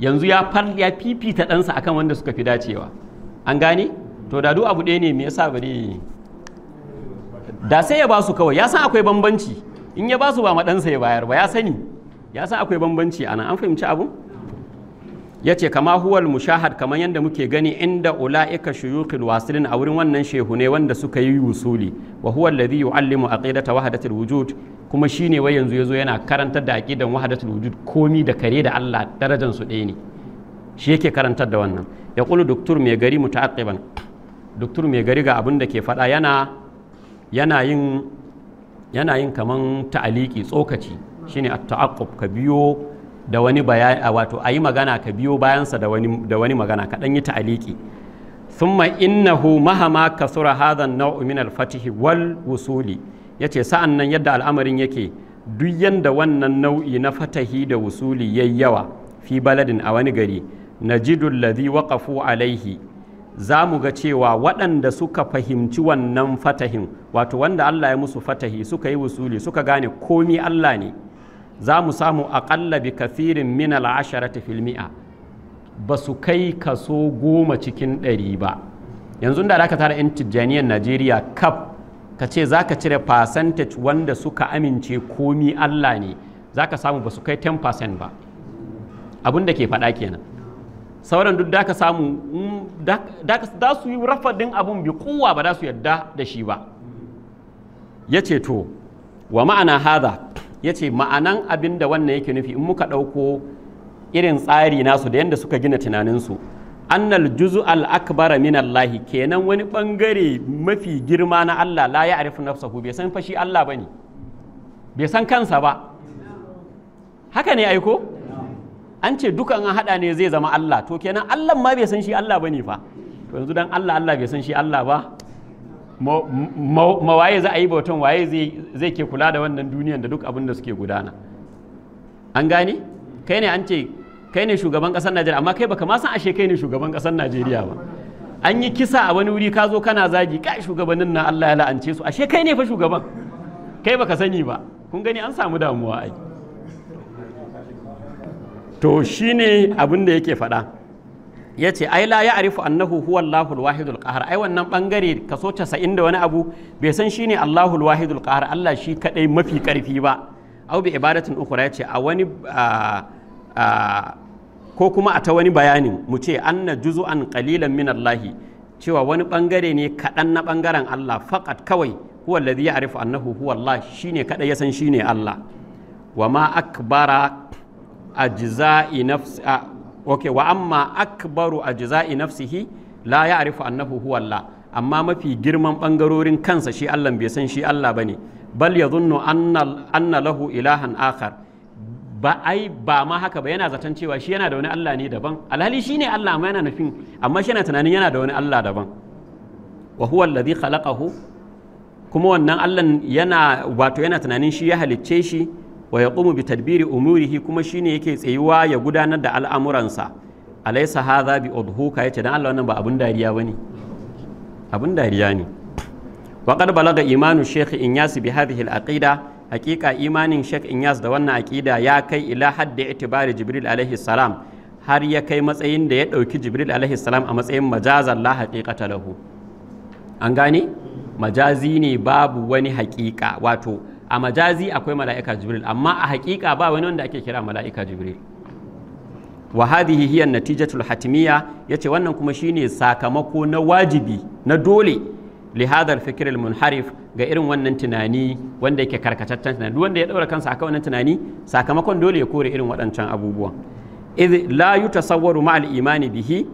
yanzu ya far ya fifita ɗansa akan wanda suka fi dacewa an gane to da duk abu ɗaya ne me yasa bari da sai ya basu kawai ya san akwai bambanci in ya basu ba ma ɗansa ya bayar ba ya sani ya san akwai bambanci ana an fahimci abu ya ce kama huwal mushahad kamar yadda muke gani inda ula'ika shuyukhil wasilin a wurin wannan shehu ne wanda suka yi wusuli wa huwa alladhi yu'allimu aqidata wahadatar wujud kuma shine wai yanzu yazo yana karantar da aqidan wahadatar wujud komi da kare da Allah darajar su ɗaya ne shi yake karantar da wannan ya qulu doktor mai gari muta'aqiban doktor mai gari ga abin da ke faɗa yana yana yin yana yin kaman ta'aliki tsokaci shine at-ta'aqqub ka biyo da wani bayani wato a yi magana ka biyo bayansa da wani magana ka dan yi ta'aliki thumma innahu mahama maha ma ka sura hadan na'umin alfatihi wal wusuli ce sa'an nan yadda al'amarin yake duk yadda wannan nau'i na fatahi da wusuli yayi yawa fi baladin a wani gari Na ji dullazi waqafu alaihi za mu ga cewa waɗanda suka fahimci wannan fatahin wato wanda Allah ya musu fatahi suka yi wusuli suka gane komi Allah ne za mu samu aƙalla bi kafirin min al'asharati ta mi'a ba su kai kaso goma cikin ɗari ba yanzu da aka tara 'yan tijjaniyar najeriya kaf ka ce za ka cire percentage wanda suka amince komi allah ne za ka samu ba su kai 10% ba abin da ke faɗa kenan sauran duk da ka samu mm, da su yi rafadin abin bi kowa ba da su yadda da shi ba ya ce to wa ma'ana hada. ya ce ma'anan abin da wannan yake nufi in muka ɗauko irin tsari nasu da yadda suka gina tunaninsu annal juzu al akbara min allahi kenan wani bangare mafi girma na allah la ya arifu nafsahu bai san fashi allah bane bai san kansa ba haka ne aiko an ce dukan an hada ne zai zama allah to kenan allah ma bai san shi allah bane fa to yanzu dan allah allah bai san shi allah ba ma waye za a yi bautan waye zai ke kula da wannan duniyan da duk abin da suke gudana an gane kai ne an ce kai ne shugaban kasar najeriya amma kai baka ma san ashe kai ne shugaban kasar najeriya ba an yi kisa a wani wuri ka zo kana zagi kai shugabannin na allah ya la'ance su ashe kai ne fa shugaban kai baka sani ba kun gani an samu damuwa ai to shine abin da yake faɗa ya ce ai la ya arifu annahu huwa Allahul wahidul qahar ai wannan bangare kaso 90 da wani abu bai san shine Allahul wahidul qahar Allah shi kadai mafi karfi ba au bi ibadatin ukhra yace a wani ko kuma a ta wani bayanin mu ce anna juz'an qalilan min Allah cewa wani bangare ne kadan na bangaren Allah faqat kawai huwa alladhi ya'rifu annahu huwa Allah shine kadai ya san shine Allah wa ma akbara ajza'i nafsi ok wa amma akbaru ajza'i nafsihi la ya'rifu annahu huwa amma mafi girman bangarorin kansa shi Allah bai san shi Allah ne bal ya anna anna lahu ilahan akhar ba ai ba ma haka ba yana zaton cewa shi yana da wani Allah ne daban alhali shi ne Allah amma yana nufin amma shi yana tunanin yana da wani Allah daban wa huwa alladhi khalaqahu kuma wannan Allah yana wato yana tunanin shi ya halicce shi wa yaqumu bi tadbiri umurihi kuma shine yake tsayuwa ya gudanar da al'amuransa alaysa za bi udhuka yace dan Allah wannan ba abin dariya ne, abin dariya ne wa balaga imanu shaykh inyas bi hadhihi al haƙiƙa imanin shaykh inyas da wannan aƙida ya kai ila haddi itibari jibril alaihi salam har ya kai matsayin da ya ɗauki jibril alaihi salam a matsayin majazan la haqiqata lahu an gane majazi ne babu wani haƙiƙa wato a majazi akwai mala'ika jibril amma a haƙiƙa ba wani wanda ake kira mala'ika jibril wa hadhihi hiya natijatul hatimiyya yace wannan kuma shine sakamako na wajibi na dole li hadha al-fikr al-munharif ga irin wannan tunani wanda yake karkataccen tunani wanda ya daura kansa akan wannan tunani sakamakon dole ya kore irin waɗancan abubuwan idh la yutasawwaru ma al-imani bihi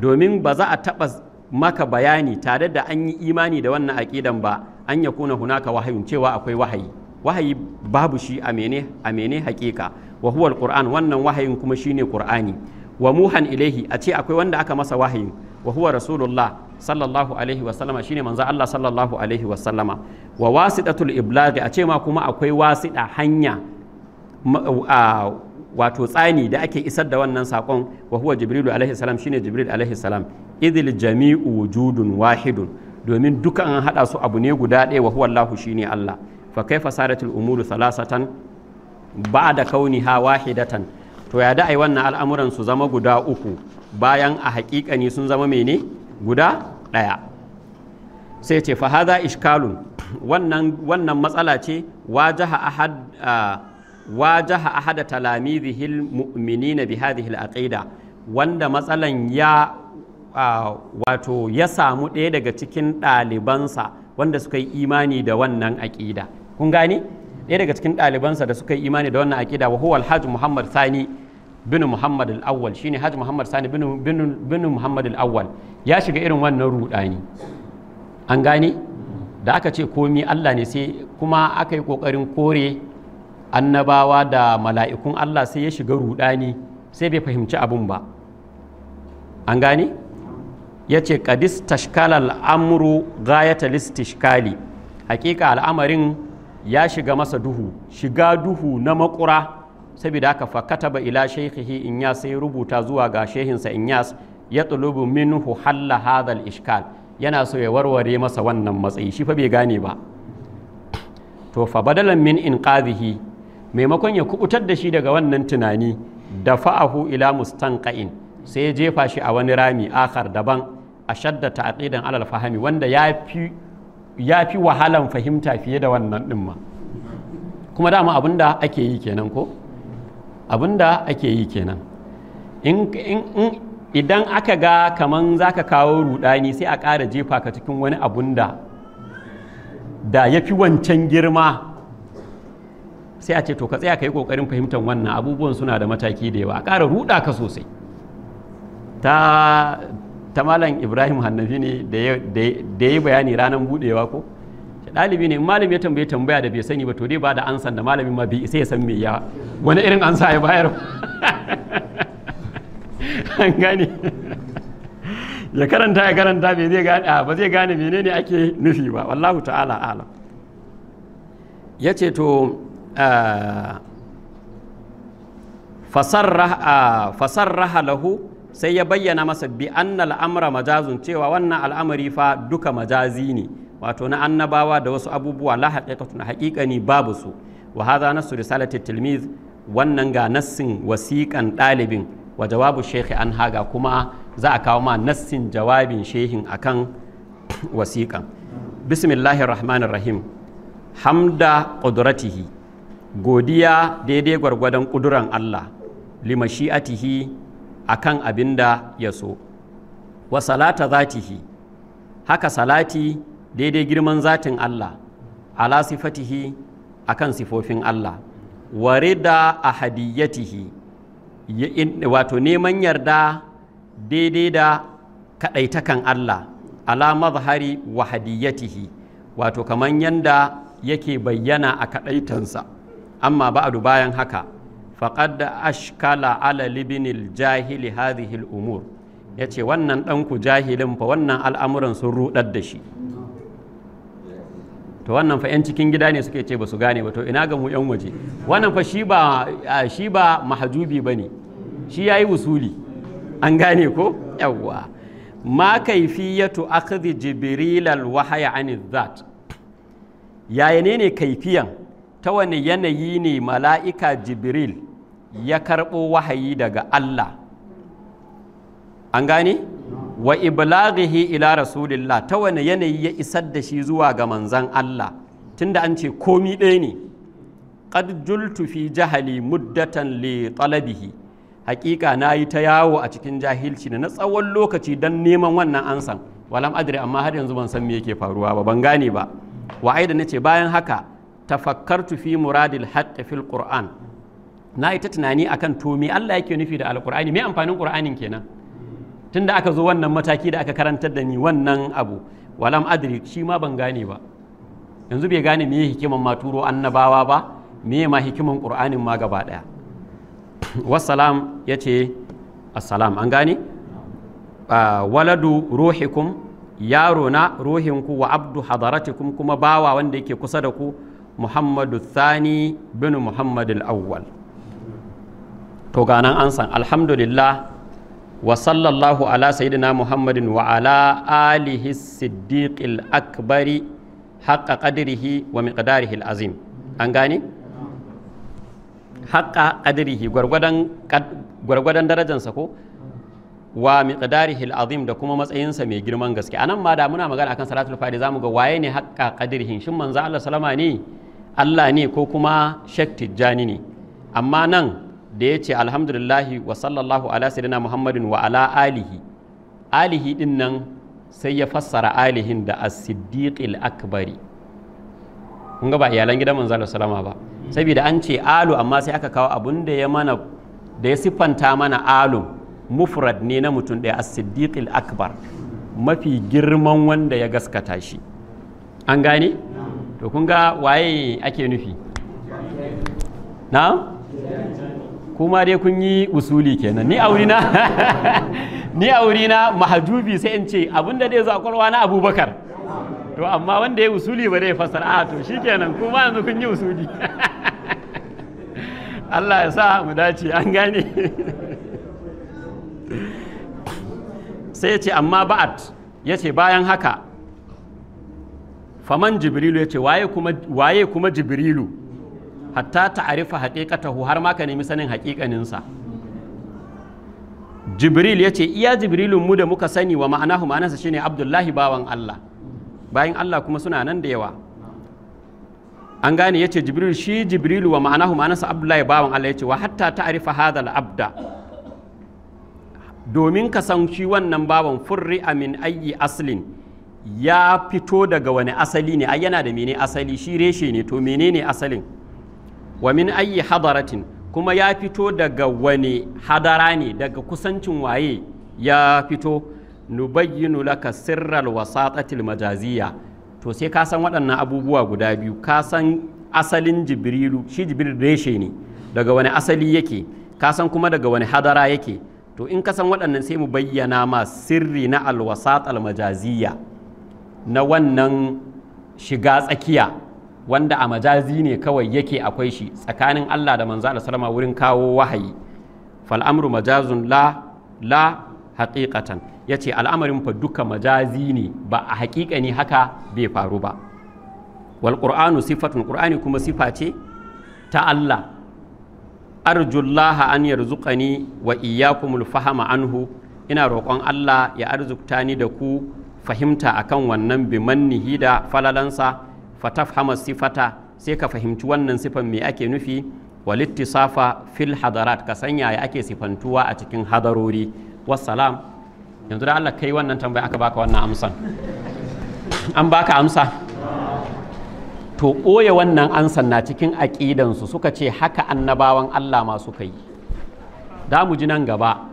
domin ba za a taɓa maka bayani tare da an yi imani da wannan aƙidan ba an ya kuna hunaka wahayun cewa akwai wahayi wahayi babu shi a mene a mene hakika wa huwa alquran wannan wahayin kuma shine qur'ani wa muhan ilaihi a ce akwai wanda aka masa wahayin. wa huwa rasulullah sallallahu alaihi wa sallama shine manzo Allah sallallahu alaihi wa sallama wa wasitatul iblag a ce ma kuma akwai wasida hanya wato tsani da ake isar da wannan sakon wa huwa jibrilu alaihi salam shine jibril alaihi salam idil jami'u wujudun wahidun domin dukan an hada su abu ne guda ɗaya wa huwa allah shine Allah fa kaifa sadatul umuru salasatan ba'da kauniha wahidatan to ya da ai wannan al'amuran su zama guda uku bayan a haƙiƙani sun zama mene guda ɗaya sai ce fa hadha ishkalun wannan wannan matsala ce wajaha ahad wajaha ahada talamidhil mu'minina bi hadhihi aqida wanda matsalan ya wato ya samu ɗaya daga cikin ɗalibansa wanda suka yi imani da wannan aƙida kun gane ɗaya daga cikin ɗalibansa da suka yi imani da wannan aƙida wa huwa alhaj muhammad sani bin muhammad al-awwal shine hajj muhammad sani bin muhammad al ya shiga irin wannan rudani an gane da aka ce komi Allah ne sai kuma aka yi kokarin kore annabawa da mala'ikun Allah sai ya shiga rudani sai bai fahimci abun ba an gane ya ce kadis tashkalal ya gayata listishkali hakika al'amarin ya shiga masa duhu shiga duhu na makura saboda aka fakata ba ila in ya sai rubuta zuwa ga shehinsa yas ya tulubu minhu halla hadal ishkal yana so ya warware masa wannan matsayi shi fa bai gane ba to fa badalan min inqadhihi maimakon ya kubutar da shi daga wannan tunani da fa'ahu ila mustanqa'in sai ya jefa shi a wani rami akhar daban a shadda ta'aqidan alal fahami wanda ya fi wahalan fahimta fiye da wannan din ma kuma dama abinda ake yi kenan ko abinda ake yi kenan in idan aka ga kaman zaka kawo rudani sai a ƙara jefa ka cikin wani abun da da ya fi wancan girma sai a ce to ka tsaya ka yi ƙoƙarin fahimtar wannan abubuwan suna da mataki da yawa a ƙara ruɗa ka sosai ta ta malam ibrahim hannafi ne da ya yi bayani ranar budewa ko ɗalibi ne malam ya tambaye tambaya da bai sani ba to dai ba da ansan da malamin ma bai sai ya san me ya wani irin ansa ya bayar an gane ya karanta ya karanta bai zai gane ba zai gane menene ake nufi ba wallahu ta'ala ala ya ce to fasarraha lahu sai ya bayyana masa bi annal majazun cewa wannan al'amari fa duka majazi ne wato na annabawa da wasu abubuwa la haqiqatun haqiqani babu su wa hadha nasu risalati tilmiz wannan ga nassin wasiƙan ɗalibin wa jawabu shekhi an haga kuma za a kawo ma nassin jawabin shehin akan wasiƙan bismillahir rahmanir rahim hamda qudratihi godiya daidai gwargwadon ƙuduran Allah limashi'atihi akan abin da ya so wa salata zatihi haka salati daidai girman zatin Allah ala sifatihi akan sifofin Allah wa rida ahadiyatihi wato neman yarda daidai da kadaitakan Allah ala mazhari wa hadiyatihi wato kamar yanda yake bayyana a kaɗaitansa amma ba'adu bayan haka faƙad da ashkala ala libinil jahili hadhihi umur ya ce wannan ɗanku jahilin fa wannan al'amuran sun ruɗar da shi to wannan fa 'yan cikin gida ne suke ce ba su gane ba to ina ga mu 'yan waje wannan fa shi ba shi ba mahajubi ba ne shi ya yi wusuli an gane ko yawwa ma kaifiyatu akhdhi jibril alwahya an dhat yaya ne ne kaifiyan ta wani yanayi ne mala'ika jibril ya karɓo wahayi daga Allah an gane wa iblaghihi ila rasulillah ta wani yanayi ya isar da shi zuwa ga manzan Allah tunda an ce komi ɗaya ne qad jultu fi jahali muddatan li talabihi hakika na yi ta yawo a cikin jahilci na tsawon lokaci don neman wannan ansan walam adri amma har yanzu ban san me yake faruwa ba ban gane ba wa aida nace bayan haka tafakkartu tufi muradil haqqi fil qur'an na yi ta tunani akan to me Allah yake nufi da alkur'ani me amfanin qur'anin kenan tunda aka zo wannan mataki da aka karantar da ni wannan abu walam adri shi ma ban gane ba yanzu bai gane me hikiman ma turo annabawa ba me ma hikiman qur'anin ma gaba daya wassalam yace assalam an gane ah, waladu ruhikum yaro na ruhinku wa abdu hadaratikum kuma bawa wanda yake kusa da ku muhammadu Sani bin muhammadu awwal to ganan an san alhamdulillah wa sallallahu ala sayyidina muhammadin wa ala alihi siddiqil akbari haqqa qadrihi wa miqdarihi azim an gane haqqa qadrihi gwargwadon gwargwadon darajansa ko wa miqdarihi azim da kuma matsayinsa mai girman gaske anan ma da muna magana akan salatul fadi zamu ga waye ne haqqa qadrihi shin manzo Allah salama ne Allah ne ko kuma Sheikh Tijjani ne amma nan da ya ce alhamdulillahi wa sallallahu ala sayyidina muhammadin wa ala alihi alihi din nan sai ya fassara alihin da as-siddiqil akbari kun ga ba iyalan gidan manzo wasallam ba saboda an ce alu amma sai aka kawo abun da ya mana da ya siffanta mana alu mufrad ne na mutum ɗaya as-siddiqil akbar mafi girman wanda ya gaskata shi an gane to kun ga waye ake nufi na'am kuma dai kun yi usuli kenan ni aurina ni aurina mahajubi sai in ce abinda dai a kwalwa na abubakar to amma wanda ya usuli ba dai fasara a to shi kenan kuma yanzu kun yi usuli Allah ya sa mu dace an gane sai ya ce amma ba'at ya ce bayan haka faman jibrilu ya ce waye kuma jibrilu hatta ta'arifa haqiqatahu har ma ka nemi sanin haƙiƙaninsa jibril ya ce iya jibrilun mu da muka sani wa ma'anahu ma'anarsa shine abdullahi bawan allah bayan allah kuma suna nan da yawa an gane ya ce jibril shi jibril wa ma'anahu ma'anarsa abdullahi bawan Allah ya ce wa hatta ta'rifa hadha al-abda domin ka san shi wannan bawan furri amin ayyi aslin ya fito daga wani asali ne ai yana da mene asali shi reshe ne to menene asalin wa min ayyi hadaratin kuma ya fito daga wani hadara ne daga kusancin waye ya fito nubayyinu laka sirral wasatatil majaziya to sai ka san waɗannan abubuwa guda biyu ka san asalin jibrilu shi jibril reshe ne daga wani asali yake ka san kuma daga wani hadara yake to in ka san waɗannan sai mu bayyana ma sirri na alwasatal majaziya na wannan shiga tsakiya wanda a majazi ne kawai yake akwai shi tsakanin Allah da manzo Allah sallama wurin kawo wahayi fal amru majazun la la haqiqatan yace al'amarin fa duka majazi ne ba a haƙiƙa haka bai faru ba wal qur'anu sifatun qur'ani kuma sifa ce ta Allah arjullaha an yarzuqani wa iyyakumul fahama anhu ina roƙon Allah ya arzukta ni da ku fahimta akan wannan bimannihi da falalansa fatafhama sifata sai ka fahimci wannan sifan me ake nufi Walitti safa fil hadarat ka sanya ya ake sifantuwa a cikin hadarori wassalam yanzu da Allah kai wannan tambaya aka baka wannan amsan an baka amsa to ɓoye wannan ansan na cikin aƙidansu suka ce haka annabawan Allah ma suka yi da mu ji nan gaba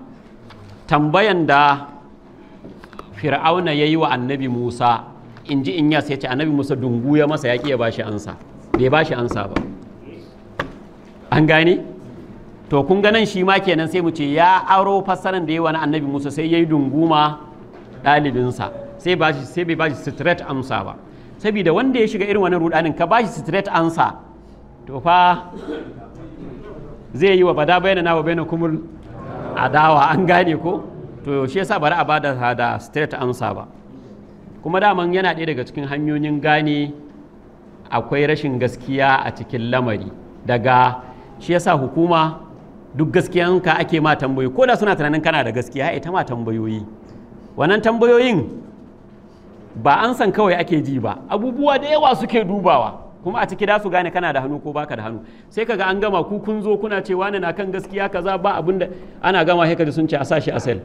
tambayan da fir'auna ya yi wa annabi musa in ji in ya sai ce annabi musa dungu ya masa yaƙi ya bashi ansa bai bashi ansa ba an gane to kun ganan shi ma kenan sai mu ce ya aro fassaran da ya wani annabi musa sai ya yi dunguma ɗalibinsa sai bashi sai bai bashi straight amsa ba saboda wanda ya shiga irin wannan rudanin ka bashi straight ansa to fa zai yi wa bada na wa bayana kumul adawa an gane ko to shi yasa bari a bada da straight ansa ba kuma daman yana ɗaya daga cikin hanyoyin gane akwai rashin gaskiya a cikin lamari daga shi yasa hukuma duk gaskiyanka ake ma tambayoyi ko da suna tunanin kana da gaskiya ita ma tambayoyi wannan tambayoyin ba an san kawai ake ji ba abubuwa da yawa suke dubawa kuma a ciki da su gane kana da hannu ko baka da hannu sai kaga an gama ku kun zo kuna cewa na kan gaskiya kaza ba abinda da ana gama sai kaji sun ce a sashi asel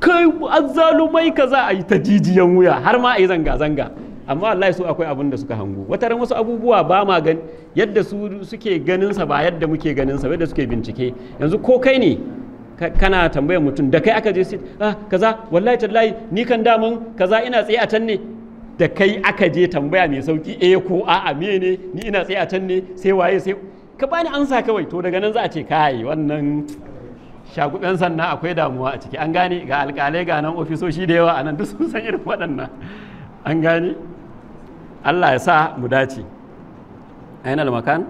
kai azzalumai za a yi ta jijiyan wuya har ma a yi zanga-zanga amma Allah su akwai abin da suka hangu wata ran wasu abubuwa ba ma gan yadda su suke ganin sa ba yadda muke ganin sa yadda suke bincike yanzu ko kai ne kana tambayar mutum da kai aka je sit ah kaza wallahi tallahi ni kan damun kaza ina tsaye a can ne da kai aka je tambaya mai sauki eh ko a'a me ne ni ina tsaye a can ne sai waye sai ka bani ansa kawai to daga nan za a ce kai wannan Shaguɓen sannan akwai damuwa a ciki an gane ga alƙalai ga nan ofisoshi da yawa a nan duk sun san irin waɗannan an gane allah ya sa mu dace ainihin almakan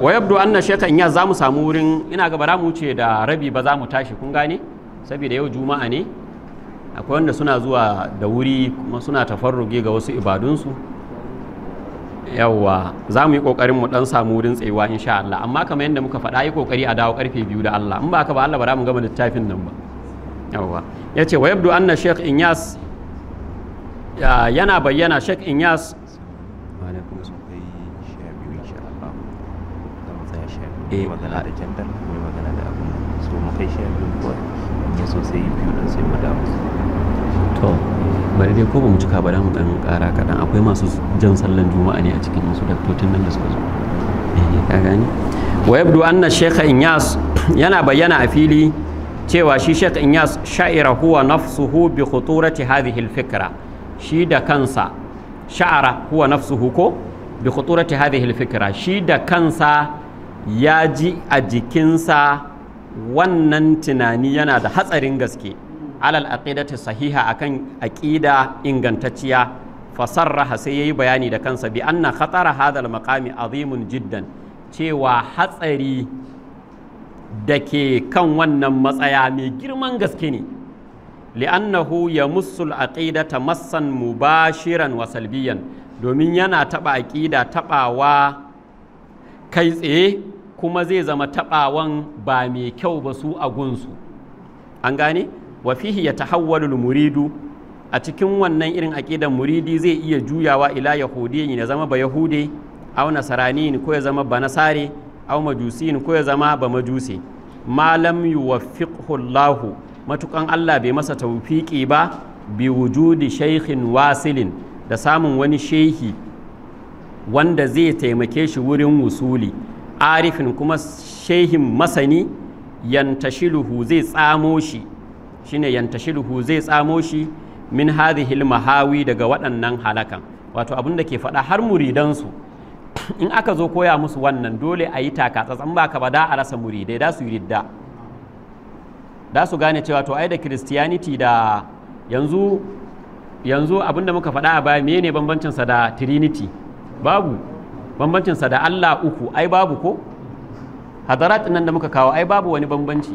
wa yabdu anna shaitan ya za mu samu wurin ina ga bara mu ce da rabi ba za mu tashi kun gane saboda yau juma'a ne akwai wanda suna zuwa da wuri kuma suna tafarruge ga wasu ibadunsu yawwa za mu yi kokarin mu dan samu wurin tsayuwa insha Allah amma kamar yadda muka faɗa yi kokari a dawo karfe biyu da Allah in ba ka ba Allah ba za mu gama littafin nan ba yawwa yace wa yabdu anna Sheikh Inyas yana bayyana Sheikh Inyas to bari dai ko ba mu cika ba dan dan ƙara kaɗan akwai masu jan sallan juma'a ne a cikin wasu daktocin nan da suka zo eh, ka gani wa yabdu anna shaykh inyas yana bayyana a fili cewa shi shaykh inyas sha'ira huwa nafsuhu bi khuturati hadhihi al-fikra shi da kansa sha'ara huwa nafsuhu ko bi khuturati hadhihi al-fikra shi da kansa ya ji a jikinsa wannan tunani yana da hatsarin gaske alal aqidati sahiha akan aqida ingantacciya fasarraha sai yayi bayani da kansa bi anna khatara hadal maqami azimun jiddan cewa hatsari da ke kan wannan matsaya mai girman gaske ne li'annahu ya musul ta massan mubashiran wasalbiyan domin yana taɓa aƙida taɓawa kai tsaye kuma zai zama taɓawan ba mai kyau ba su a gunsu an gane wa fihi ya al-muridu a cikin wannan irin aqidan muridi zai iya juyawa ila yahudiyyin ya zama ba yahude aw ne ko ya zama ba nasare aw ne ko ya zama ba majusi malam yuwaffiqhu Allahu matukan Allah bai masa tawfiqi ba bi wujudi shaykhin wasilin da samun wani shehi wanda zai taimake shi wurin wusuli arifin kuma shehin masani yantashiluhu zai tsamo shi shi shine ruhu zai tsamo shi min hilma hawi daga waɗannan halakan wato abin da ke faɗa har muridansu in aka zo koya musu wannan dole a yi takatsatsan ba ka ba da a rasa muridai da su yi da su gane cewa to ai da christianity da yanzu yanzu abin da muka faɗa a baya ne bambancinsa da trinity babu bambancinsa da allah uku ai babu ko hadarat nan da muka kawo ai babu wani bambanci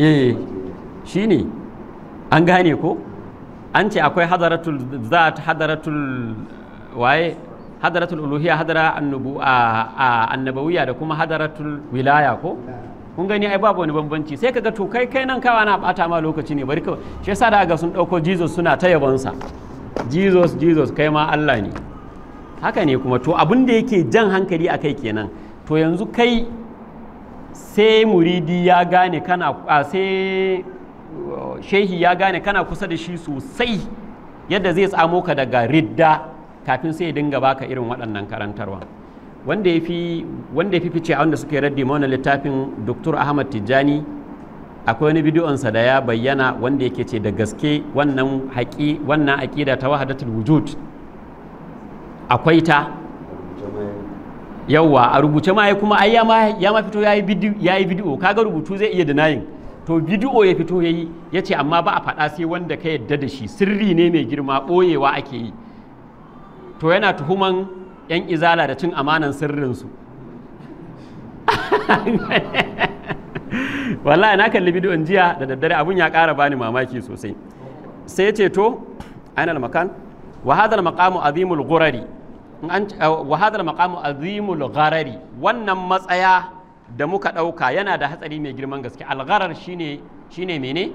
eh ne an gane ko an ce akwai hadaratul zat hadaratul waye hadaratul uluhiyya hadara annubu a annabawiya da kuma hadaratul wilaya ko kun gani ai babu wani bambanci sai kaga to kai kai nan kawa na bata ma lokaci ne bari kawai shi yasa da ga sun dauko Jesus suna ta yabonsa Jesus Jesus kai ma Allah ne haka ne kuma to abin da yake jan hankali a kai kenan to yanzu kai sai muridi ya gane kana sai uh, shehi ya gane kana kusa da shi sosai yadda zai tsamo ka daga ridda kafin sai ya dinga baka irin waɗannan karantarwa wanda ya fi fice a wanda suke raddi mana littafin Dr. Ahmad Tijjani akwai wani bidiyonsa da ya bayyana wanda yake ce da gaske wannan haƙi wannan aƙida ta wahadatul wujud akwai ta yawwa a rubuce ma kuma ai ya ma fito ya yi bidiyo kaga rubutu zai iya denying to bidiyo ya fito yayi yace amma ba a faɗa sai wanda ka yadda da shi sirri ne mai girma boyewa ake yi to yana tuhuman 'yan izala da cin amanan su wallahi na kalli bidiyon jiya da daddare abun ya kara bani mamaki sosai sai ce to ainal makan wa hadal maqamu azimul gurari wa hadal maqamu azimul gharari wannan matsaya da muka ɗauka yana da hatsari mai girman gaske algharar shi ne mene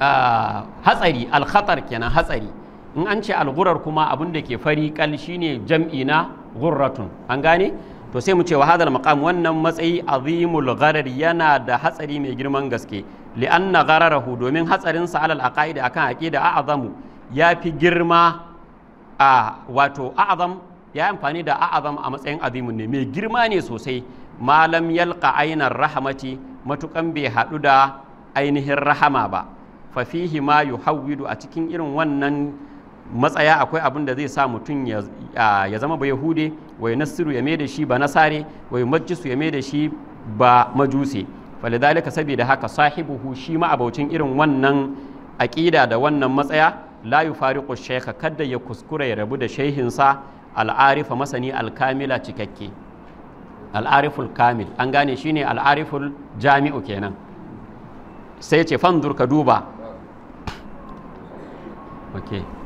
ah, hatsari alkhatar kenan hatsari in an ce algurar kuma abin da ke fari kal ne jam'i na gurratun an gane to sai mu ce wa hadal maqam wannan matsayi azimul gharar yana da hatsari mai girman gaske li'anna ghararahu domin hatsarin sa alal aqaida akan aqida a'zamu yafi girma a wato a'azam ya amfani da a'azam a matsayin azimun ne mai girma ne sosai malam yalqa ainar rahamati matukan bai haɗu da ainihin rahama ba fafihi ma yuhawwidu a cikin irin wannan matsaya akwai abin da zai sa mutum ya zama ba yahude wai nasiru ya mai da shi ba nasare wai majisu ya mai da shi ba majuse falidalika saboda haka sahibuhu shi ma abaucin irin wannan aƙida da wannan matsaya la yufariqu sheka kada ya kuskura ya rabu da shehinsa al'arifa masani alkamila cikakke al'ariful kamil an gane shine al'ariful jami'u kenan sai ce fandur ka duba okay.